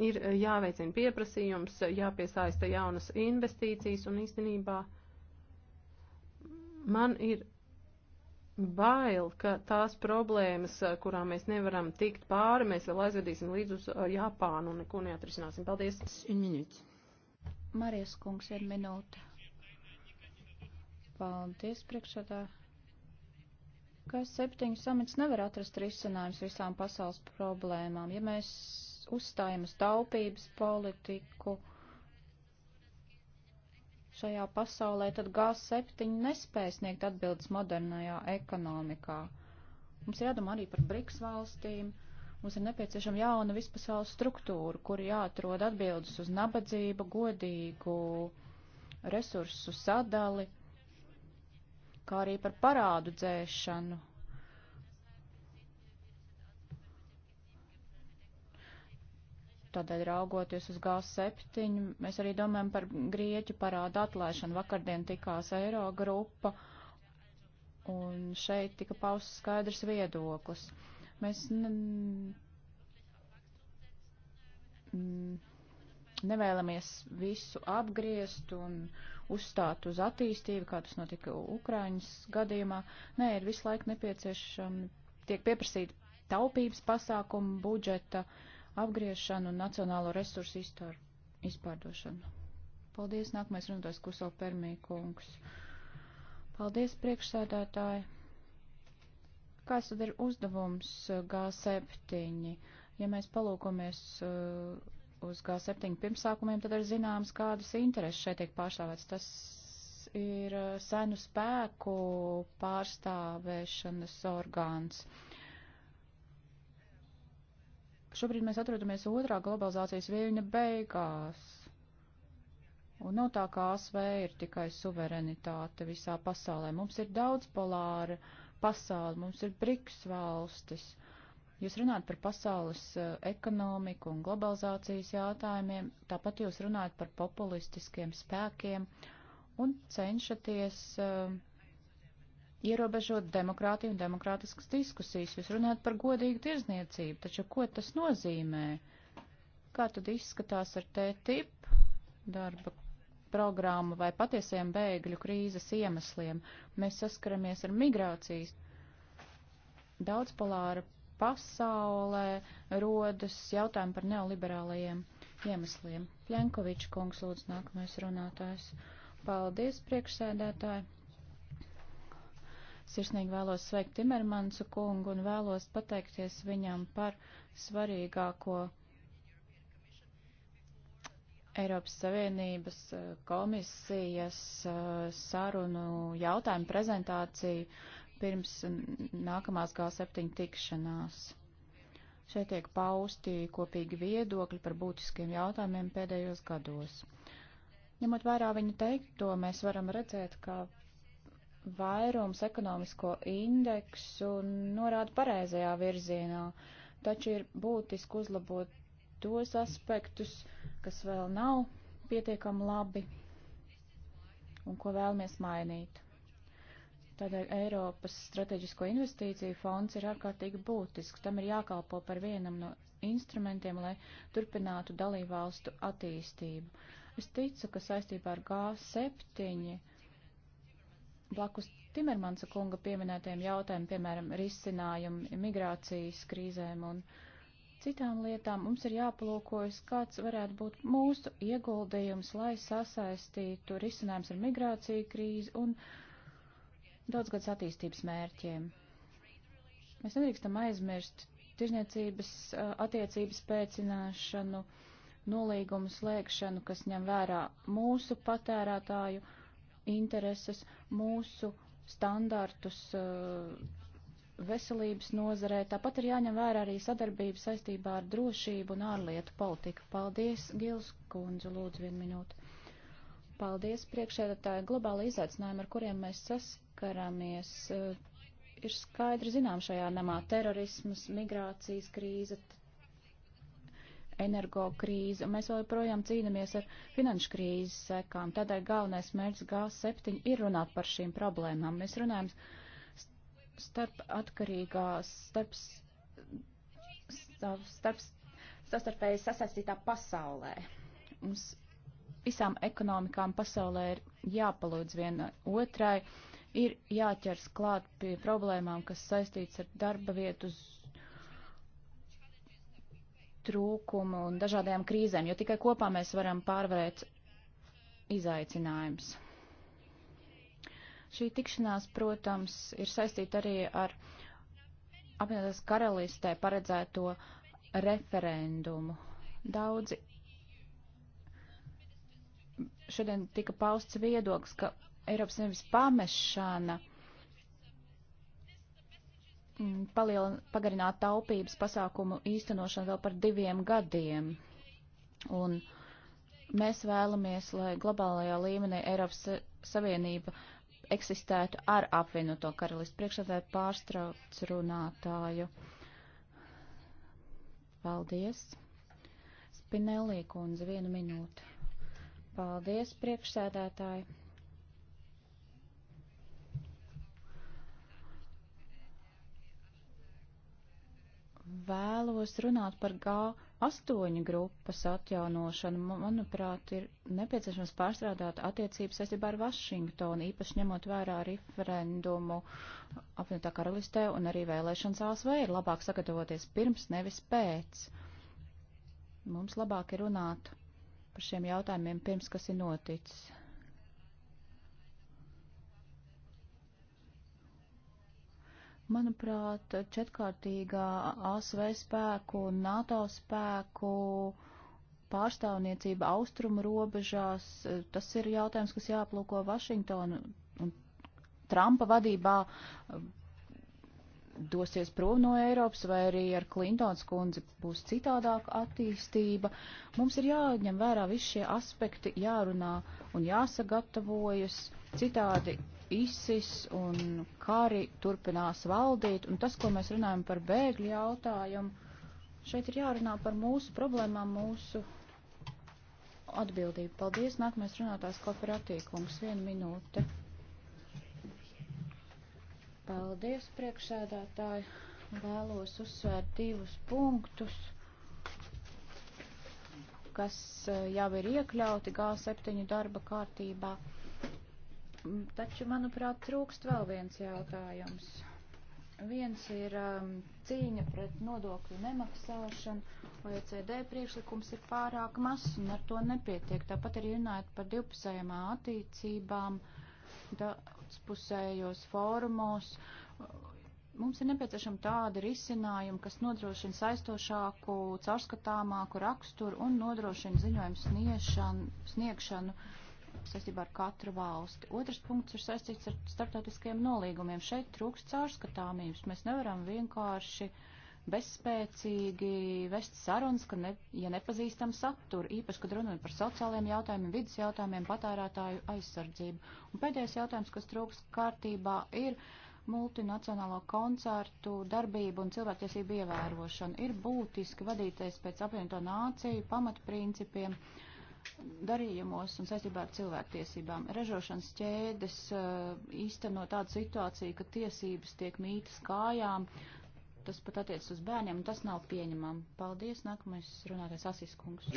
Ir eh, jāveicina pieprasījums, jāpiesaista jaunas investīcijas un īstenībā man ir bail, ka tās problēmas, eh, kurām mēs nevaram tikt pāri, mēs vēl aizvedīsim līdz uz eh, Japānu un neko neatrisināsim. Paldies! Marijas kungs, ir minūte. Paldies, priekšādā. Ka septiņu samits nevar atrast risinājums visām pasaules problēmām. Ja mēs uzstājumu uz taupības politiku šajā pasaulē, tad G7 nespēja sniegt atbildes modernajā ekonomikā. Mums ir jādomā arī par BRICS valstīm. Mums ir nepieciešama jauna vispasaules struktūra, kur jāatrod atbildes uz nabadzību, godīgu resursu sadali, kā arī par parādu dzēšanu Tādēļ raugoties uz G7, mēs arī domājam par Grieķu parādu atlaišanu. Vakardien tikās Eiro grupa, un šeit tika pausts skaidrs viedoklis. Mēs ne, nevēlamies visu apgriezt un uzstāt uz attīstību, kā tas notika Ukraiņas gadījumā. Nē, ir visu laiku nepieciešami, tiek pieprasīti taupības pasākumu budžeta uh, apgriešanu un nacionālo resursu iztār, izpārdošanu. Paldies, nākamais runātājs Kuso Permī kungs. Paldies, priekšsēdētāji. Kāds tad ir uzdevums eh, G7? Ja mēs palūkomies eh, uz G7 pirmsākumiem, tad ir zināms, kādas intereses šeit tiek pārstāvēts. Tas ir eh, senu spēku pārstāvēšanas orgāns. Uh, Šobrīd mēs atrodamies otrā globalizācijas viļņa beigās. Un nav tā, ka ASV ir tikai suverenitāte visā pasaulē. Mums ir daudz polāra pasauli, mums ir briks valstis. Jūs runājat par pasaules e, ekonomiku un globalizācijas jautājumiem, tāpat jūs runājat par populistiskiem spēkiem un cenšaties uh, ierobežot demokrātiju un demokrātiskas diskusijas, jūs runājat par godīgu tirzniecību, taču ko tas nozīmē? Kā tad izskatās ar TTIP darba programmu vai patiesiem bēgļu krīzes iemesliem? Mēs saskaramies ar migrācijas daudzpolāra pasaulē, rodas jautājumi par neoliberālajiem iemesliem. Plenkoviča kungs lūdzu nākamais runātājs. Paldies, priekšsēdētāji! Sirsnīgi vēlos sveikt Timermansu kungu un vēlos pateikties viņam par svarīgāko Eiropas Savienības eh, komisijas eh, sarunu jautājumu prezentāciju pirms nākamās G7 tikšanās. Šeit tiek pausti kopīgi viedokļi par būtiskiem jautājumiem pēdējos gados. Ņemot vērā viņa teikto, mēs varam redzēt, ka vairums ekonomisko indeksu norāda pareizajā virzienā, taču ir būtiski uzlabot tos aspektus, kas vēl nav pietiekami labi un ko vēlamies mainīt. Tādēļ Eiropas strateģisko investīciju fonds ir ārkārtīgi būtisks. Tam ir jākalpo par vienam no instrumentiem, lai turpinātu dalībvalstu attīstību. Es ticu, ka saistībā ar G7 Blakus Timermansa kunga pieminētiem jautājumiem, piemēram, risinājumu migrācijas krīzēm un citām lietām, mums ir jāpalūkojas, kāds varētu būt mūsu ieguldījums, lai sasaistītu risinājums ar migrāciju krīzi un daudzgads attīstības mērķiem. Mēs nedrīkstam aizmirst tirzniecības attiecības pēcināšanu, nolīgumu slēgšanu, kas ņem vērā mūsu patērētāju intereses, mūsu standartus eh, veselības nozarē. Tāpat ir jāņem vērā arī sadarbība saistībā ar drošību un ārlietu politiku. Paldies, Gils Kundze, lūdzu vienu minūtu. Paldies, priekšēdatāji. Globāli izaicinājumi, ar kuriem mēs saskaramies, eh, ir skaidri zinām šajā namā - terorismas, migrācijas krīze, energo krīze, un mēs vēl joprojām cīnāmies ar finanšu krīzes sekām. Tādēļ galvenais mērķis G7 ir runāt par šīm problēmām. Mēs runājam starp atkarīgās, starp, starp, starp sastarpēji sasaistītā pasaulē. Mums visām ekonomikām pasaulē ir jāpalūdz viena otrai, ir jāķers klāt pie problēmām, kas saistīts ar darba vietu trūkumu un dažādajām krīzēm, jo tikai kopā mēs varam pārvarēt izaicinājumus. Šī tikšanās, protams, ir saistīta arī ar apvienotās karalistē paredzēto referendumu. Daudzi šodien tika pausts viedoklis, ka Eiropas Savienības pamešana – Mm, palielin, pagarināt taupības pasākumu īstenošanu vēl par diviem gadiem. Un mēs vēlamies, lai globālajā līmenī Eiropas Savienība eksistētu ar apvienoto karalistu priekšsēdētāju pārstrauc runātāju. Paldies. Spinelī kundze, vienu minūti. Paldies, priekšsēdētāji. vēlos runāt par G8 grupas atjaunošanu. Manuprāt, ir nepieciešams pārstrādāt attiecības saistībā ar Vašingtonu, īpaši ņemot vērā referendumu apvienotā karalistē un arī vēlēšanas ASV. Ir labāk sagatavoties pirms, nevis pēc. Mums labāk ir runāt par šiem jautājumiem pirms, kas ir noticis. Manuprāt, četkārtīgā ASV spēku un NATO spēku pārstāvniecība austrumu robežās, tas ir jautājums, kas jāplūko Vašingtonu un Trumpa vadībā um, dosies prom no Eiropas, vai arī ar Klintons kundzi būs citādāka attīstība. Mums ir jāņem vērā visi šie aspekti, jārunā un jāsagatavojas. Citādi ISIS un kari turpinās valdīt, un tas, ko mēs runājam par bēgļu jautājumu, šeit ir jārunā par mūsu problēmām, mūsu atbildību. Paldies, nākamais runātājs kooperatīkums, viena minūte. Paldies, priekšsēdētāji. Vēlos uzsvērt divus punktus, kas eh, jau ir iekļauti G7 darba kārtībā. Taču, manuprāt, trūkst vēl viens jautājums. Viens ir um, cīņa pret nodokļu nemaksāšanu. OECD priekšlikums ir pārāk mazs un ar to nepietiek. Tāpat arī runājot par divpusējām attīcībām, daudzpusējos fórumos. Mums ir nepieciešama tāda risinājuma, kas nodrošina saistošāku, caurskatāmāku raksturu un nodrošina ziņojumu sniešanu, sniegšanu saistībā ar katru valsti. Otrs punkts ir saistīts ar starptautiskajiem nolīgumiem. Šeit trūkst caurskatāmības. Mēs nevaram vienkārši bezspēcīgi vest sarunas, ka ne, ja nepazīstam saturu, īpaši, kad runājam par sociālajiem jautājumiem, vidas jautājumiem, patērētāju aizsardzību. Un pēdējais jautājums, kas trūks kārtībā, ir multinacionālo koncertu darbību un cilvēktiesību ievērošanu. Ir būtiski vadīties pēc apvienoto nāciju pamatprincipiem. principiem darījumos un saistībā ar cilvēktiesībām. Ražošanas ķēdes eh, īsteno tādu situāciju, ka tiesības tiek mītas kājām, tas pat attiec uz bērniem, un tas nav pieņemam. Paldies, nākamais runātais Asis kungs.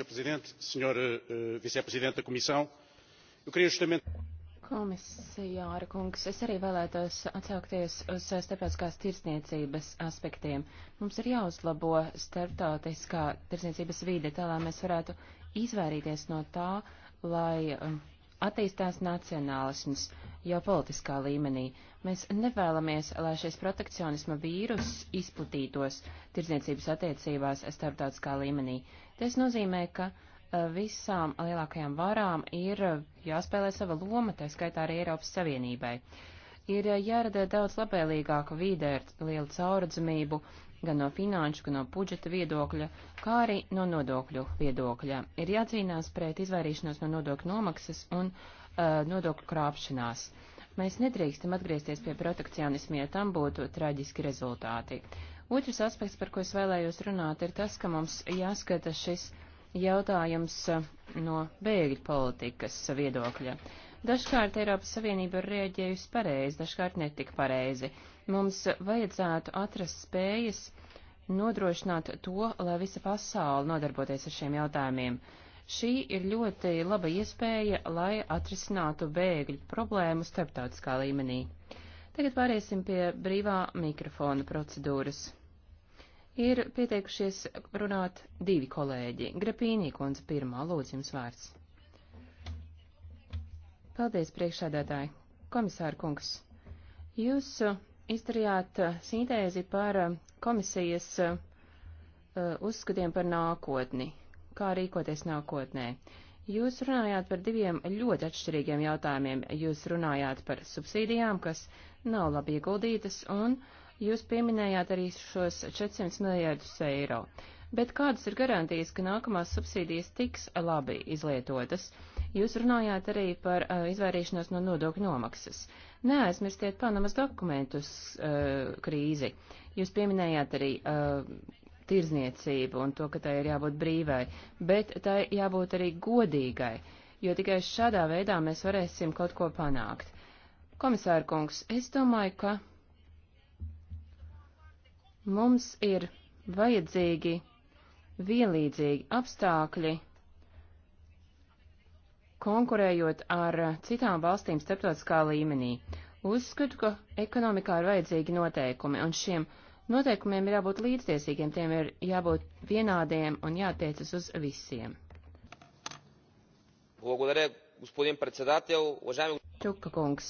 Komisijāra kungs, es arī vēlētos atsaukties uz starptautiskās tirsniecības aspektiem. Mums ir jāuzlabo starptautiskā tirsniecības vīde, tā lai mēs varētu izvairīties no tā, lai um, attīstās nacionālisms jau politiskā līmenī. Mēs nevēlamies, lai šis protekcionisma vīrus izplatītos tirsniecības attiecībās starptautiskā līmenī. Tas nozīmē, ka visām lielākajām varām ir jāspēlē sava loma, tā skaitā arī Eiropas Savienībai. Ir jārada daudz labēlīgāka vīde ar lielu caurdzamību, gan no finanšu, gan no budžeta viedokļa, kā arī no nodokļu viedokļa. Ir jācīnās pret izvairīšanos no nodokļu nomaksas un uh, nodokļu krāpšanās. Mēs nedrīkstam atgriezties pie protekcionismu, ja tam būtu traģiski rezultāti. Otrs aspekts, par ko es vēlējos runāt, ir tas, ka mums jāskata šis uh, jautājums eh, no bēgļu politikas viedokļa. Dažkārt Eiropas Savienība ir rēģējusi pareizi, dažkārt netika pareizi. Mums vajadzētu atrast spējas nodrošināt to, lai visa pasaule nodarboties ar šiem jautājumiem. Šī ir ļoti laba iespēja, lai atrisinātu bēgļu problēmu starptautiskā līmenī. Tagad pāriesim pie brīvā mikrofona procedūras. Ir pieteikušies runāt divi kolēģi. Grapīnī kundze pirmā, lūdzu jums vārds. Paldies, priekšsādātāji. Komisāra kungs, jūs uh, izdarījāt uh, sintēzi par uh, komisijas uzskatiem par nākotni, kā rīkoties nākotnē. Jūs runājāt par diviem ļoti atšķirīgiem jautājumiem. Jūs runājāt par subsīdijām, kas nav labi ieguldītas, un uh, Jūs pieminējāt arī šos 400 miljārdus eiro. Bet kādas ir garantijas, ka nākamās subsīdijas tiks labi izlietotas? Jūs runājāt arī par uh, izvairīšanos no nodokļu nomaksas. Neaizmirstiet Panamas dokumentus uh, krīzi. Jūs pieminējāt arī uh, tirzniecību un to, ka tai ir jābūt brīvai, bet tai jābūt arī godīgai, jo tikai šādā veidā mēs varēsim kaut ko panākt. Komisāra kungs, es domāju, ka Mums ir vajadzīgi vienlīdzīgi apstākļi, konkurējot ar citām valstīm starptautiskā līmenī. Uzskatu, ka ekonomikā ir vajadzīgi noteikumi, un šiem noteikumiem ir jābūt līdztiesīgiem, tiem ir jābūt vienādiem un jātiecas uz visiem. Čuka kungs.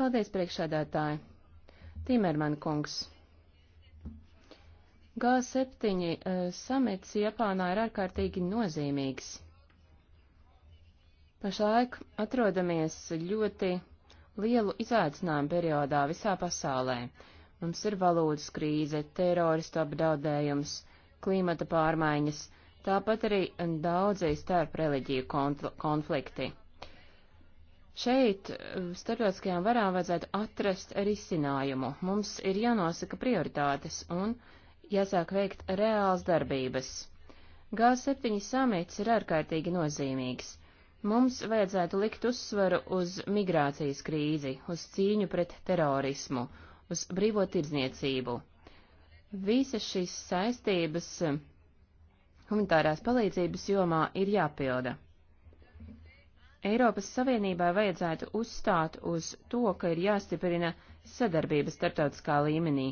Paldies, priekšsēdētāji. Timerman kungs. G7 eh, samits Japānā ir ārkārtīgi nozīmīgs. Pašlaik atrodamies ļoti lielu izaicinājumu periodā visā pasaulē. Mums ir valūtas krīze, teroristu apdaudējums, klimata pārmaiņas, tāpat arī daudzi starp reliģiju konflikti. Šeit eh, starptautiskajām varām vajadzētu atrast risinājumu. Mums ir jānosaka prioritātes un jāsāk veikt reāls darbības. G7 samits ir ārkārtīgi nozīmīgs. Mums vajadzētu likt uzsvaru uz migrācijas krīzi, uz cīņu pret terorismu, uz brīvo tirdzniecību. Visas šīs saistības humanitārās palīdzības jomā ir jāpilda. Eiropas Savienībai vajadzētu uzstāt uz to, ka ir jāstiprina sadarbības starptautiskā līmenī,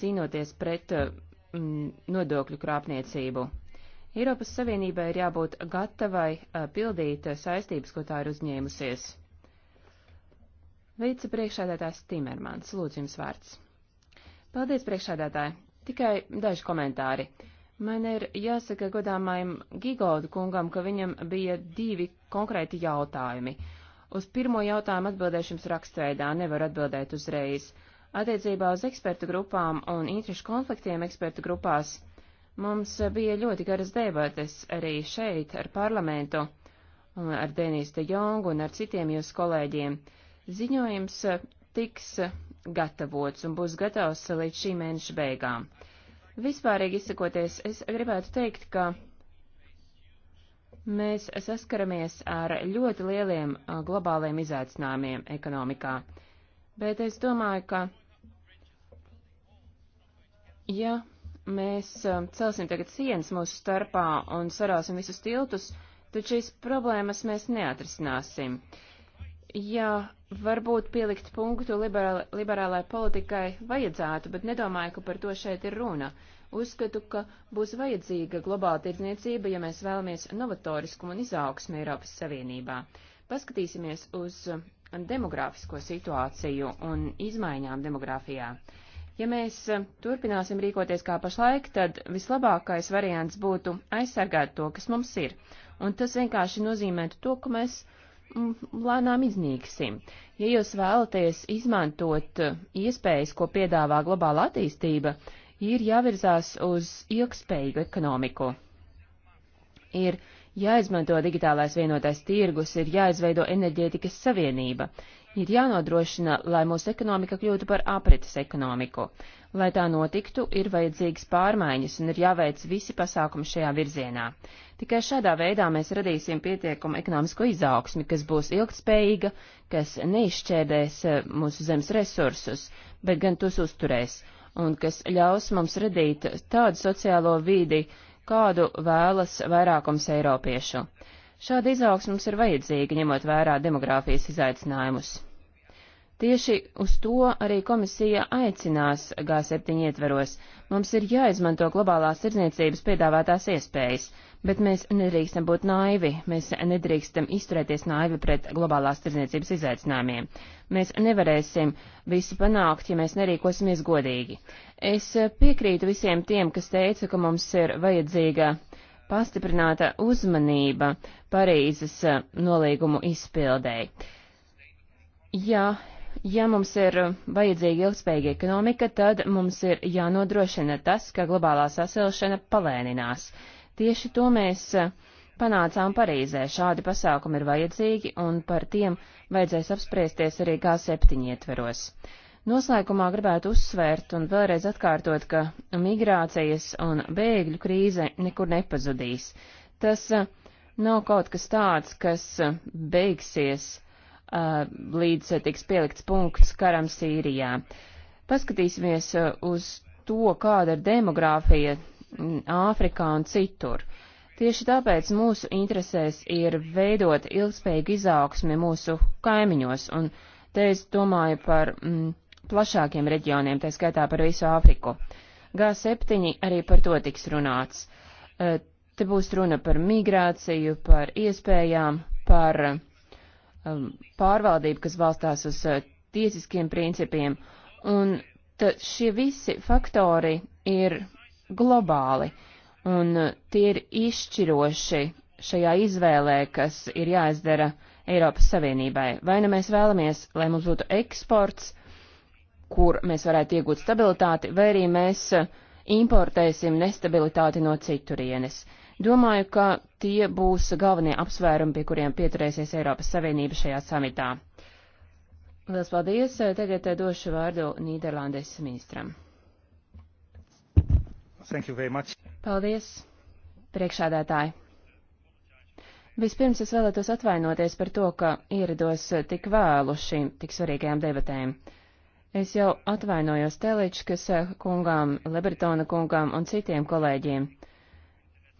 cīnoties pret Mm, nodokļu krāpniecību. Eiropas Savienībai ir jābūt gatavai pildīt saistības, ko tā ir uzņēmusies. Veica priekšādātājs Timermans, lūdzu jums vārds. Paldies, priekšādātāji. Tikai daži komentāri. Man ir jāsaka godāmajam Gigoldu kungam, ka viņam bija divi konkrēti jautājumi. Uz pirmo jautājumu atbildēšu jums rakstveidā, nevaru atbildēt uzreiz. Uh, Attiecībā uz ekspertu grupām un interešu konfliktiem ekspertu grupās mums bija ļoti garas debates arī šeit ar parlamentu, ar Denīs de Jongu un ar citiem jūsu kolēģiem. Ziņojums eh, tiks eh, gatavots un būs gatavs eh, līdz šī mēneša beigām. Vispārīgi izsakoties, es gribētu teikt, ka mēs saskaramies ar ļoti lieliem globāliem izaicinājumiem ekonomikā, bet es domāju, ka Ja mēs um, celsim tagad sienas mūsu starpā un sarāsim visus tiltus, tad šīs problēmas mēs neatrisināsim. Jā, varbūt pielikt punktu liberāla, liberālai politikai vajadzētu, bet nedomāju, ka par to šeit ir runa. Uzskatu, ka būs vajadzīga globāla tirdzniecība, ja mēs vēlamies novatoriskumu un izaugsmu Eiropas Savienībā. Paskatīsimies uz demogrāfisko situāciju un izmaiņām demogrāfijā. Uh, Ja mēs eh, turpināsim rīkoties kā pašlaik, tad vislabākais variants būtu aizsargāt to, kas mums ir. Un tas vienkārši nozīmētu to, ka mēs mm, lēnām iznīksim. Ja jūs vēlaties izmantot eh, iespējas, ko piedāvā globāla attīstība, ir jāvirzās uz ilgspējīgu ekonomiku. Ir jāizmanto digitālais vienotais tirgus, ir jāizveido enerģētikas savienība, Ir jānodrošina, lai mūsu ekonomika kļūtu par aprites ekonomiku. Lai tā notiktu, ir vajadzīgas pārmaiņas un ir jāveic visi pasākumi šajā virzienā. Tikai šādā veidā mēs radīsim pietiekumu ekonomisko izaugsmi, kas būs ilgtspējīga, kas neizšķēdēs eh, mūsu zemes resursus, bet gan tos uzturēs, un kas ļaus mums radīt tādu sociālo vīdi, kādu vēlas vairākums eiropiešu. Šāda izaugsme mums ir vajadzīga, ņemot vērā demogrāfijas izaicinājumus. Tieši uz to arī komisija aicinās G7 ietveros. Mums ir jāizmanto globālās tirdzniecības piedāvātās iespējas, bet mēs nedrīkstam būt naivi, mēs nedrīkstam izturēties naivi pret globālās tirdzniecības izaicinājumiem. Mēs nevarēsim visu panākt, ja mēs nerīkosimies godīgi. Es piekrītu visiem tiem, kas teica, ka mums ir vajadzīga pastiprināta uzmanība Parīzes eh, nolīgumu izpildēji. Ja, ja mums ir eh, vajadzīga ilgspējīga ekonomika, tad mums ir jānodrošina tas, ka globālā sasilšana palēninās. Tieši to mēs eh, panācām Parīzē. Šādi pasākumi ir vajadzīgi, un par tiem vajadzēs apspriesties arī G7 ietveros. Noslēgumā gribētu uzsvērt un vēlreiz atkārtot, ka migrācijas un bēgļu krīze nekur nepazudīs. Tas eh, nav kaut kas tāds, kas eh, beigsies eh, līdz tiks pielikts punkts karam Sīrijā. Paskatīsimies uz to, kāda ir demogrāfija mm, Āfrikā un citur. Tieši tāpēc mūsu interesēs ir veidot ilgspējīgu izaugsmi mūsu kaimiņos, un te es domāju par mm, plašākiem reģioniem, tā skaitā par visu Āfriku. G7 arī par to tiks runāts. E, te būs runa par migrāciju, par iespējām, par um, pārvaldību, kas balstās uz uh, tiesiskiem principiem. Un šie visi faktori ir globāli, un uh, tie ir izšķiroši šajā izvēlē, kas ir jāizdara Eiropas Savienībai. Vai nu mēs vēlamies, lai mums būtu eksports, kur mēs varētu iegūt stabilitāti, vai arī mēs eh, importēsim nestabilitāti no citurienes. Domāju, ka tie būs galvenie apsvērumi, pie kuriem pieturēsies Eiropas Savienība šajā samitā. Lielas paldies! Tagad eh, došu vārdu Nīderlandes ministram. Paldies, priekšādātāji! Vispirms es vēlētos atvainoties par to, ka ierados tik vēlu šīm tik svarīgajām debatēm. Es jau atvainojos Teličkas eh, kungām, Lebertona kungām un citiem kolēģiem.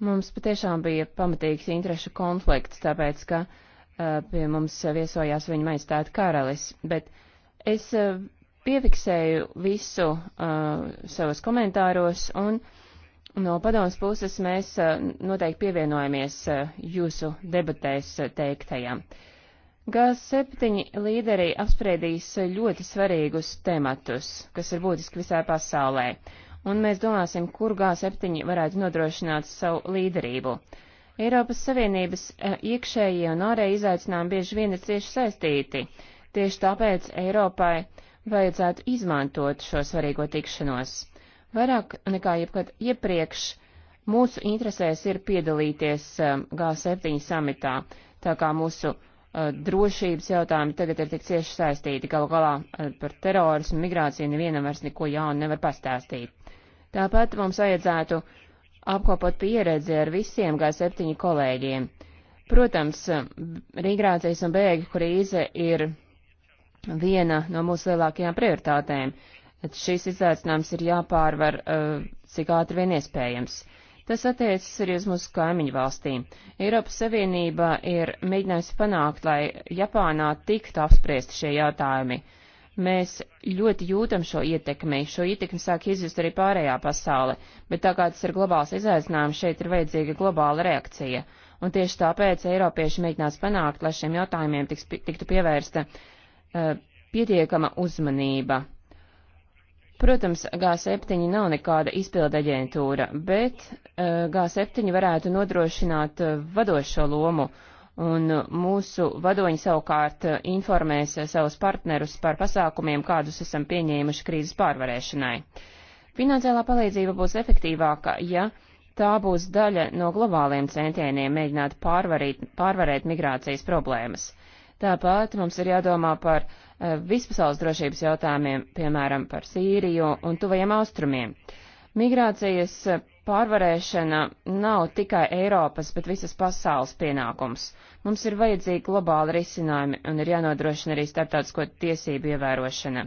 Mums patiešām bija pamatīgs interešu konflikts, tāpēc, ka uh, pie mums viesojās viņa maistāta karalis, bet es uh, piefiksēju visu uh, savos komentāros un no padomas puses mēs uh, noteikti pievienojamies uh, jūsu debatēs uh, teiktajam. Uh, G7 līderi apspriedīs ļoti svarīgus tematus, kas ir būtiski visā pasaulē, un mēs domāsim, kur G7 varētu nodrošināt savu līderību. Eiropas Savienības e, iekšējie un ārēji izaicinājumi bieži vien ir cieši saistīti, tieši tāpēc Eiropai vajadzētu izmantot šo svarīgo tikšanos. Vairāk nekā jebkad iepriekš mūsu interesēs ir piedalīties e, G7 samitā, tā kā mūsu Eh, drošības jautājumi tagad ir tik cieši saistīti. Galu galā eh, par terorismu, migrāciju nevienam vairs neko jaunu nevar pastāstīt. Tāpat mums vajadzētu apkopot pieredzi ar visiem G7 kolēģiem. Protams, eh, migrācijas un bēgļu krīze ir viena no mūsu lielākajām prioritātēm. Šis izaicinājums ir jāpārvar, cik ātri vien iespējams. Uh, Tas attiecas arī uz mūsu kaimiņu valstīm. Eiropas Savienība ir mēģinājusi panākt, lai Japānā tiktu apspriesti šie jautājumi. Mēs ļoti jūtam šo ietekmi, šo ietekmi sāk izjust arī pārējā pasaule, bet tā kā tas ir globāls izaicinājums, šeit ir vajadzīga globāla reakcija. Un tieši tāpēc Eiropieši mēģinās panākt, lai šiem jautājumiem tiks, tiktu pievērsta uh, pietiekama uzmanība Protams, G7 nav nekāda izpilda aģentūra, bet eh, G7 varētu nodrošināt eh, vadošo lomu, un eh, mūsu vadoņi savukārt informēs savus partnerus par pasākumiem, kādus esam pieņēmuši krīzes pārvarēšanai. Finansiālā palīdzība būs efektīvāka, ja tā būs daļa no globāliem centieniem mēģināt pārvarīt, pārvarēt migrācijas problēmas. Tāpat mums ir jādomā par uh, vispasaules drošības jautājumiem, piemēram, par Sīriju un tuvajiem austrumiem. Migrācijas pārvarēšana nav tikai Eiropas, bet visas pasaules pienākums. Mums ir vajadzīgi globāli risinājumi un ir jānodrošina arī starptautisko tiesību ievērošana.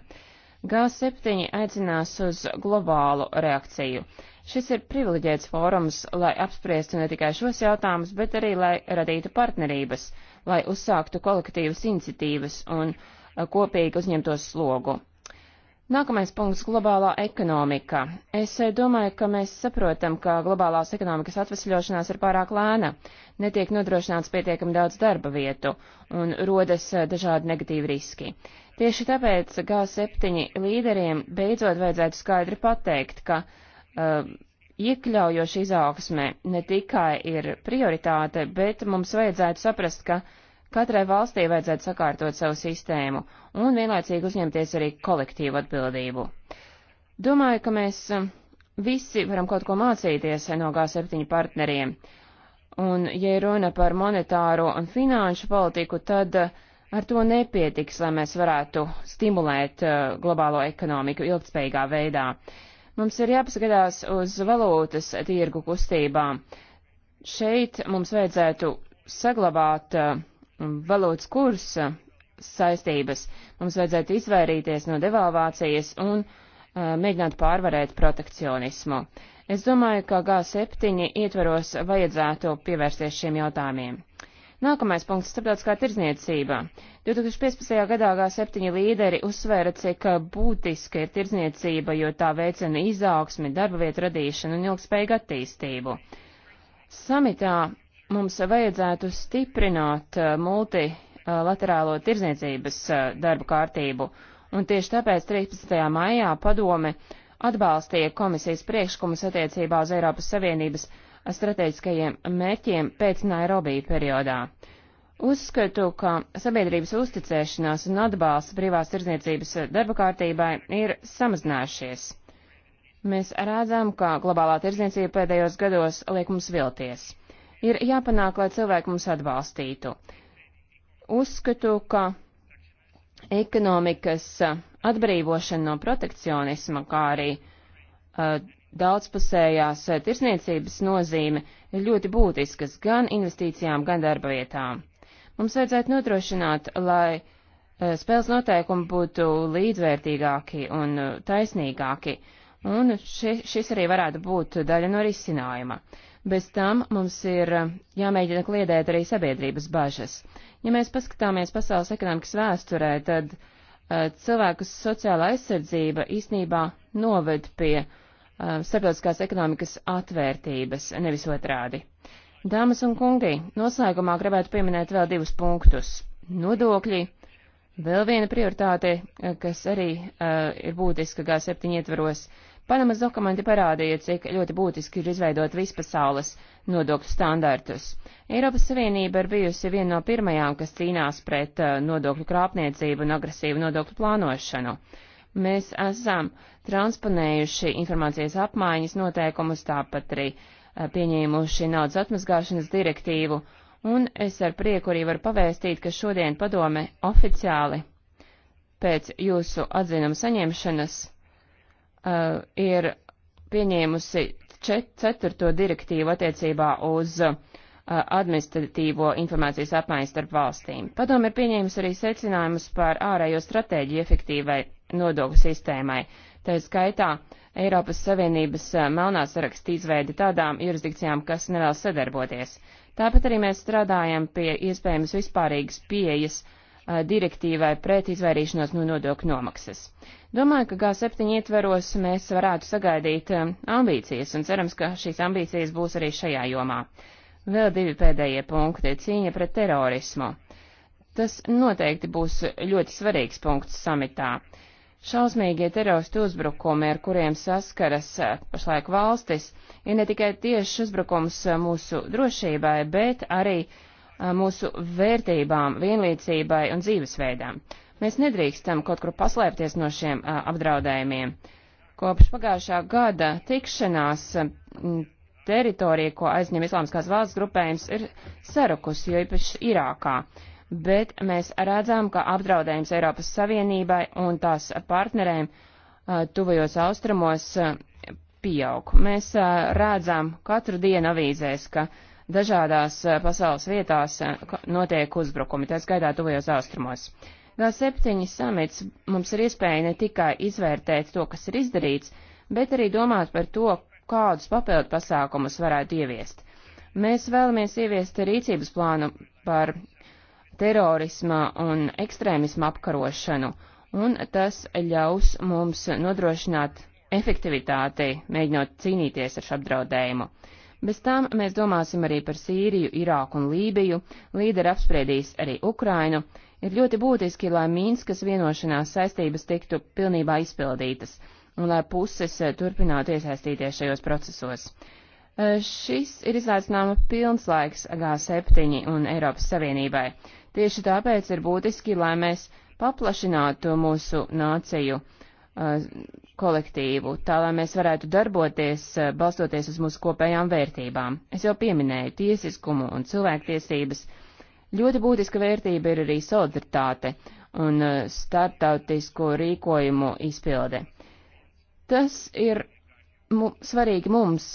G7 aicinās uz globālu reakciju. Šis ir privileģēts fórums, lai apspriestu ne tikai šos jautājumus, bet arī lai radītu partnerības, lai uzsāktu kolektīvas iniciatīvas un kopīgi uzņemtos slogu. Nākamais punkts - globālā ekonomika. Es domāju, ka mēs saprotam, ka globālās ekonomikas atvesļošanās ir pārāk lēna, netiek nodrošināts pietiekami daudz darba vietu un rodas dažādi negatīvi riski. Tieši tāpēc G7 līderiem beidzot vajadzētu skaidri pateikt, ka uh, uh, iekļaujoša izaugsme ne tikai ir prioritāte, bet mums vajadzētu saprast, ka katrai valstī vajadzētu sakārtot savu sistēmu un vienlaicīgi uzņemties arī kolektīvu atbildību. Domāju, ka mēs um, visi varam kaut ko mācīties no G7 partneriem. Un, ja runa par monetāro un finanšu politiku, tad uh, ar to nepietiks, lai mēs varētu stimulēt uh, globālo ekonomiku ilgtspējīgā veidā. Uh, Mums ir jāpaskatās uz valūtas tirgu kustībām. Šeit mums vajadzētu saglabāt uh, valūtas kursa uh, saistības. Mums vajadzētu izvairīties no devalvācijas un uh, mēģināt pārvarēt protekcionismu. Es domāju, ka G7 ietvaros vajadzētu pievērsties šiem jautājumiem. Nākamais punkts - starptautiskā tirzniecība. 2015. gadā G7 līderi uzsvēra, cik uh, būtiska ir tirzniecība, jo tā veicina izaugsmi, darba vietu radīšanu un ilgspējīgu attīstību. Samitā mums vajadzētu stiprināt uh, multilaterālo uh, tirzniecības darbu kārtību, un tieši tāpēc 13. maijā padome atbalstīja komisijas priekšlikumus attiecībā uz Eiropas Savienības strateģiskajiem mērķiem pēc Nairobi periodā. Uzskatu, ka sabiedrības uzticēšanās un atbalsts privās tirdzniecības darba kārtībai ir samazinājušies. Mēs redzam, ka globālā tirdzniecība pēdējos gados liek mums vilties. Ir jāpanāk, lai cilvēki mums atbalstītu. Uzskatu, ka ekonomikas atbrīvošana no protekcionisma, kā arī uh, daudzpusējās eh, tirsniecības nozīme ir ļoti būtiskas gan investīcijām, gan darba vietām. Mums vajadzētu nodrošināt, lai eh, spēles noteikumi būtu līdzvērtīgāki un eh, taisnīgāki, un ši, šis arī varētu būt daļa no risinājuma. Bez tam mums ir jāmēģina kliedēt arī sabiedrības bažas. Ja mēs paskatāmies pasaules ekonomikas vēsturē, tad cilvēkus sociāla aizsardzība īsnībā noved pie uh, Um, starptautiskās ekonomikas atvērtības, nevis otrādi. Dāmas un kungi, noslēgumā gribētu pieminēt vēl divus punktus. Nodokļi, vēl viena prioritāte, eh, kas arī uh, ir būtiska G7 ietvaros. Panamas dokumenti parādīja, cik ļoti būtiski ir izveidot vispasaules nodokļu standartus. Eiropas Savienība ir bijusi viena no pirmajām, kas cīnās pret uh, nodokļu krāpniecību un agresīvu nodokļu plānošanu. Uh, Mēs esam transponējuši informācijas apmaiņas noteikumus, tāpat arī eh, pieņēmuši naudas atmazgāšanas direktīvu, un es ar prieku arī varu pavēstīt, ka šodien padome oficiāli pēc jūsu atzinuma saņemšanas uh, ir pieņēmusi čet, ceturto direktīvu attiecībā uz uh, administratīvo informācijas apmaiņu starp valstīm. Padomu ir pieņēmusi arī secinājumus par ārējo stratēģiju efektīvai nodokļu sistēmai. Tā skaitā Eiropas Savienības eh, melnā saraksta izveidi tādām jurisdikcijām, kas nevēlas sadarboties. Tāpat arī mēs strādājam pie iespējamas vispārīgas pieejas a, eh, direktīvai pret izvairīšanos no nodokļu nomaksas. Domāju, ka G7 ietveros mēs varētu sagaidīt a, eh, ambīcijas un cerams, ka šīs ambīcijas būs arī šajā jomā. Vēl divi pēdējie punkti - cīņa pret terorismu. Tas noteikti būs ļoti svarīgs punkts samitā. Uh, Šausmīgie teroristu uzbrukumi, ar kuriem saskaras eh, pašlaik valstis, ir ne tikai tieši uzbrukums eh, mūsu drošībai, bet arī eh, mūsu vērtībām, vienlīdzībai un dzīvesveidām. Mēs nedrīkstam kaut kur paslēpties no šiem apdraudējumiem. Kopš pagājušā gada tikšanās teritorija, ko aizņem islāmskās valsts grupējums, ir sarukusi, jo īpaši Irākā bet mēs redzam, ka apdraudējums Eiropas Savienībai un tās partnerēm uh, tuvajos austrumos uh, pieaug. Mēs uh, redzam katru dienu avīzēs, ka dažādās pasaules vietās notiek uzbrukumi, tā skaitā tuvajos austrumos. G7 samits mums ir iespēja ne tikai izvērtēt to, kas ir izdarīts, bet arī domāt par to, kādus papildu pasākumus varētu ieviest. Mēs vēlamies ieviest rīcības plānu par terorisma un ekstrēmisma apkarošanu, un tas ļaus mums nodrošināt efektivitāti, mēģinot cīnīties ar šo apdraudējumu. Bez tām mēs domāsim arī par Sīriju, Irāku un Lībiju, līderi apspriedīs arī Ukrainu. Ir ļoti būtiski, lai Mīnskas vienošanās saistības tiktu pilnībā izpildītas un lai puses turpinātu iesaistīties šajos procesos. Šis ir izaicinājuma pilns laiks G7 un Eiropas Savienībai. Tieši tāpēc ir būtiski, lai mēs paplašinātu mūsu nāciju uh, kolektīvu, tā lai mēs varētu darboties, uh, balstoties uz mūsu kopējām vērtībām. Es jau pieminēju tiesiskumu un cilvēktiesības. Ļoti būtiska vērtība ir arī solidaritāte un uh, starptautisko rīkojumu izpilde. Tas ir mu svarīgi mums,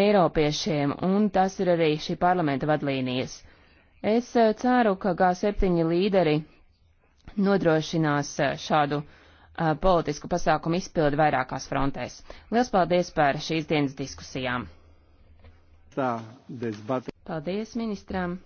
Eiropiešiem, un tas ir arī šī parlamenta vadlīnijas. Es eh, ceru, ka G7 līderi nodrošinās eh, šādu uh, politisku pasākumu izpildi vairākās frontēs. Lielas paldies par šīs dienas diskusijām. Tā, dezbate. Paldies ministram.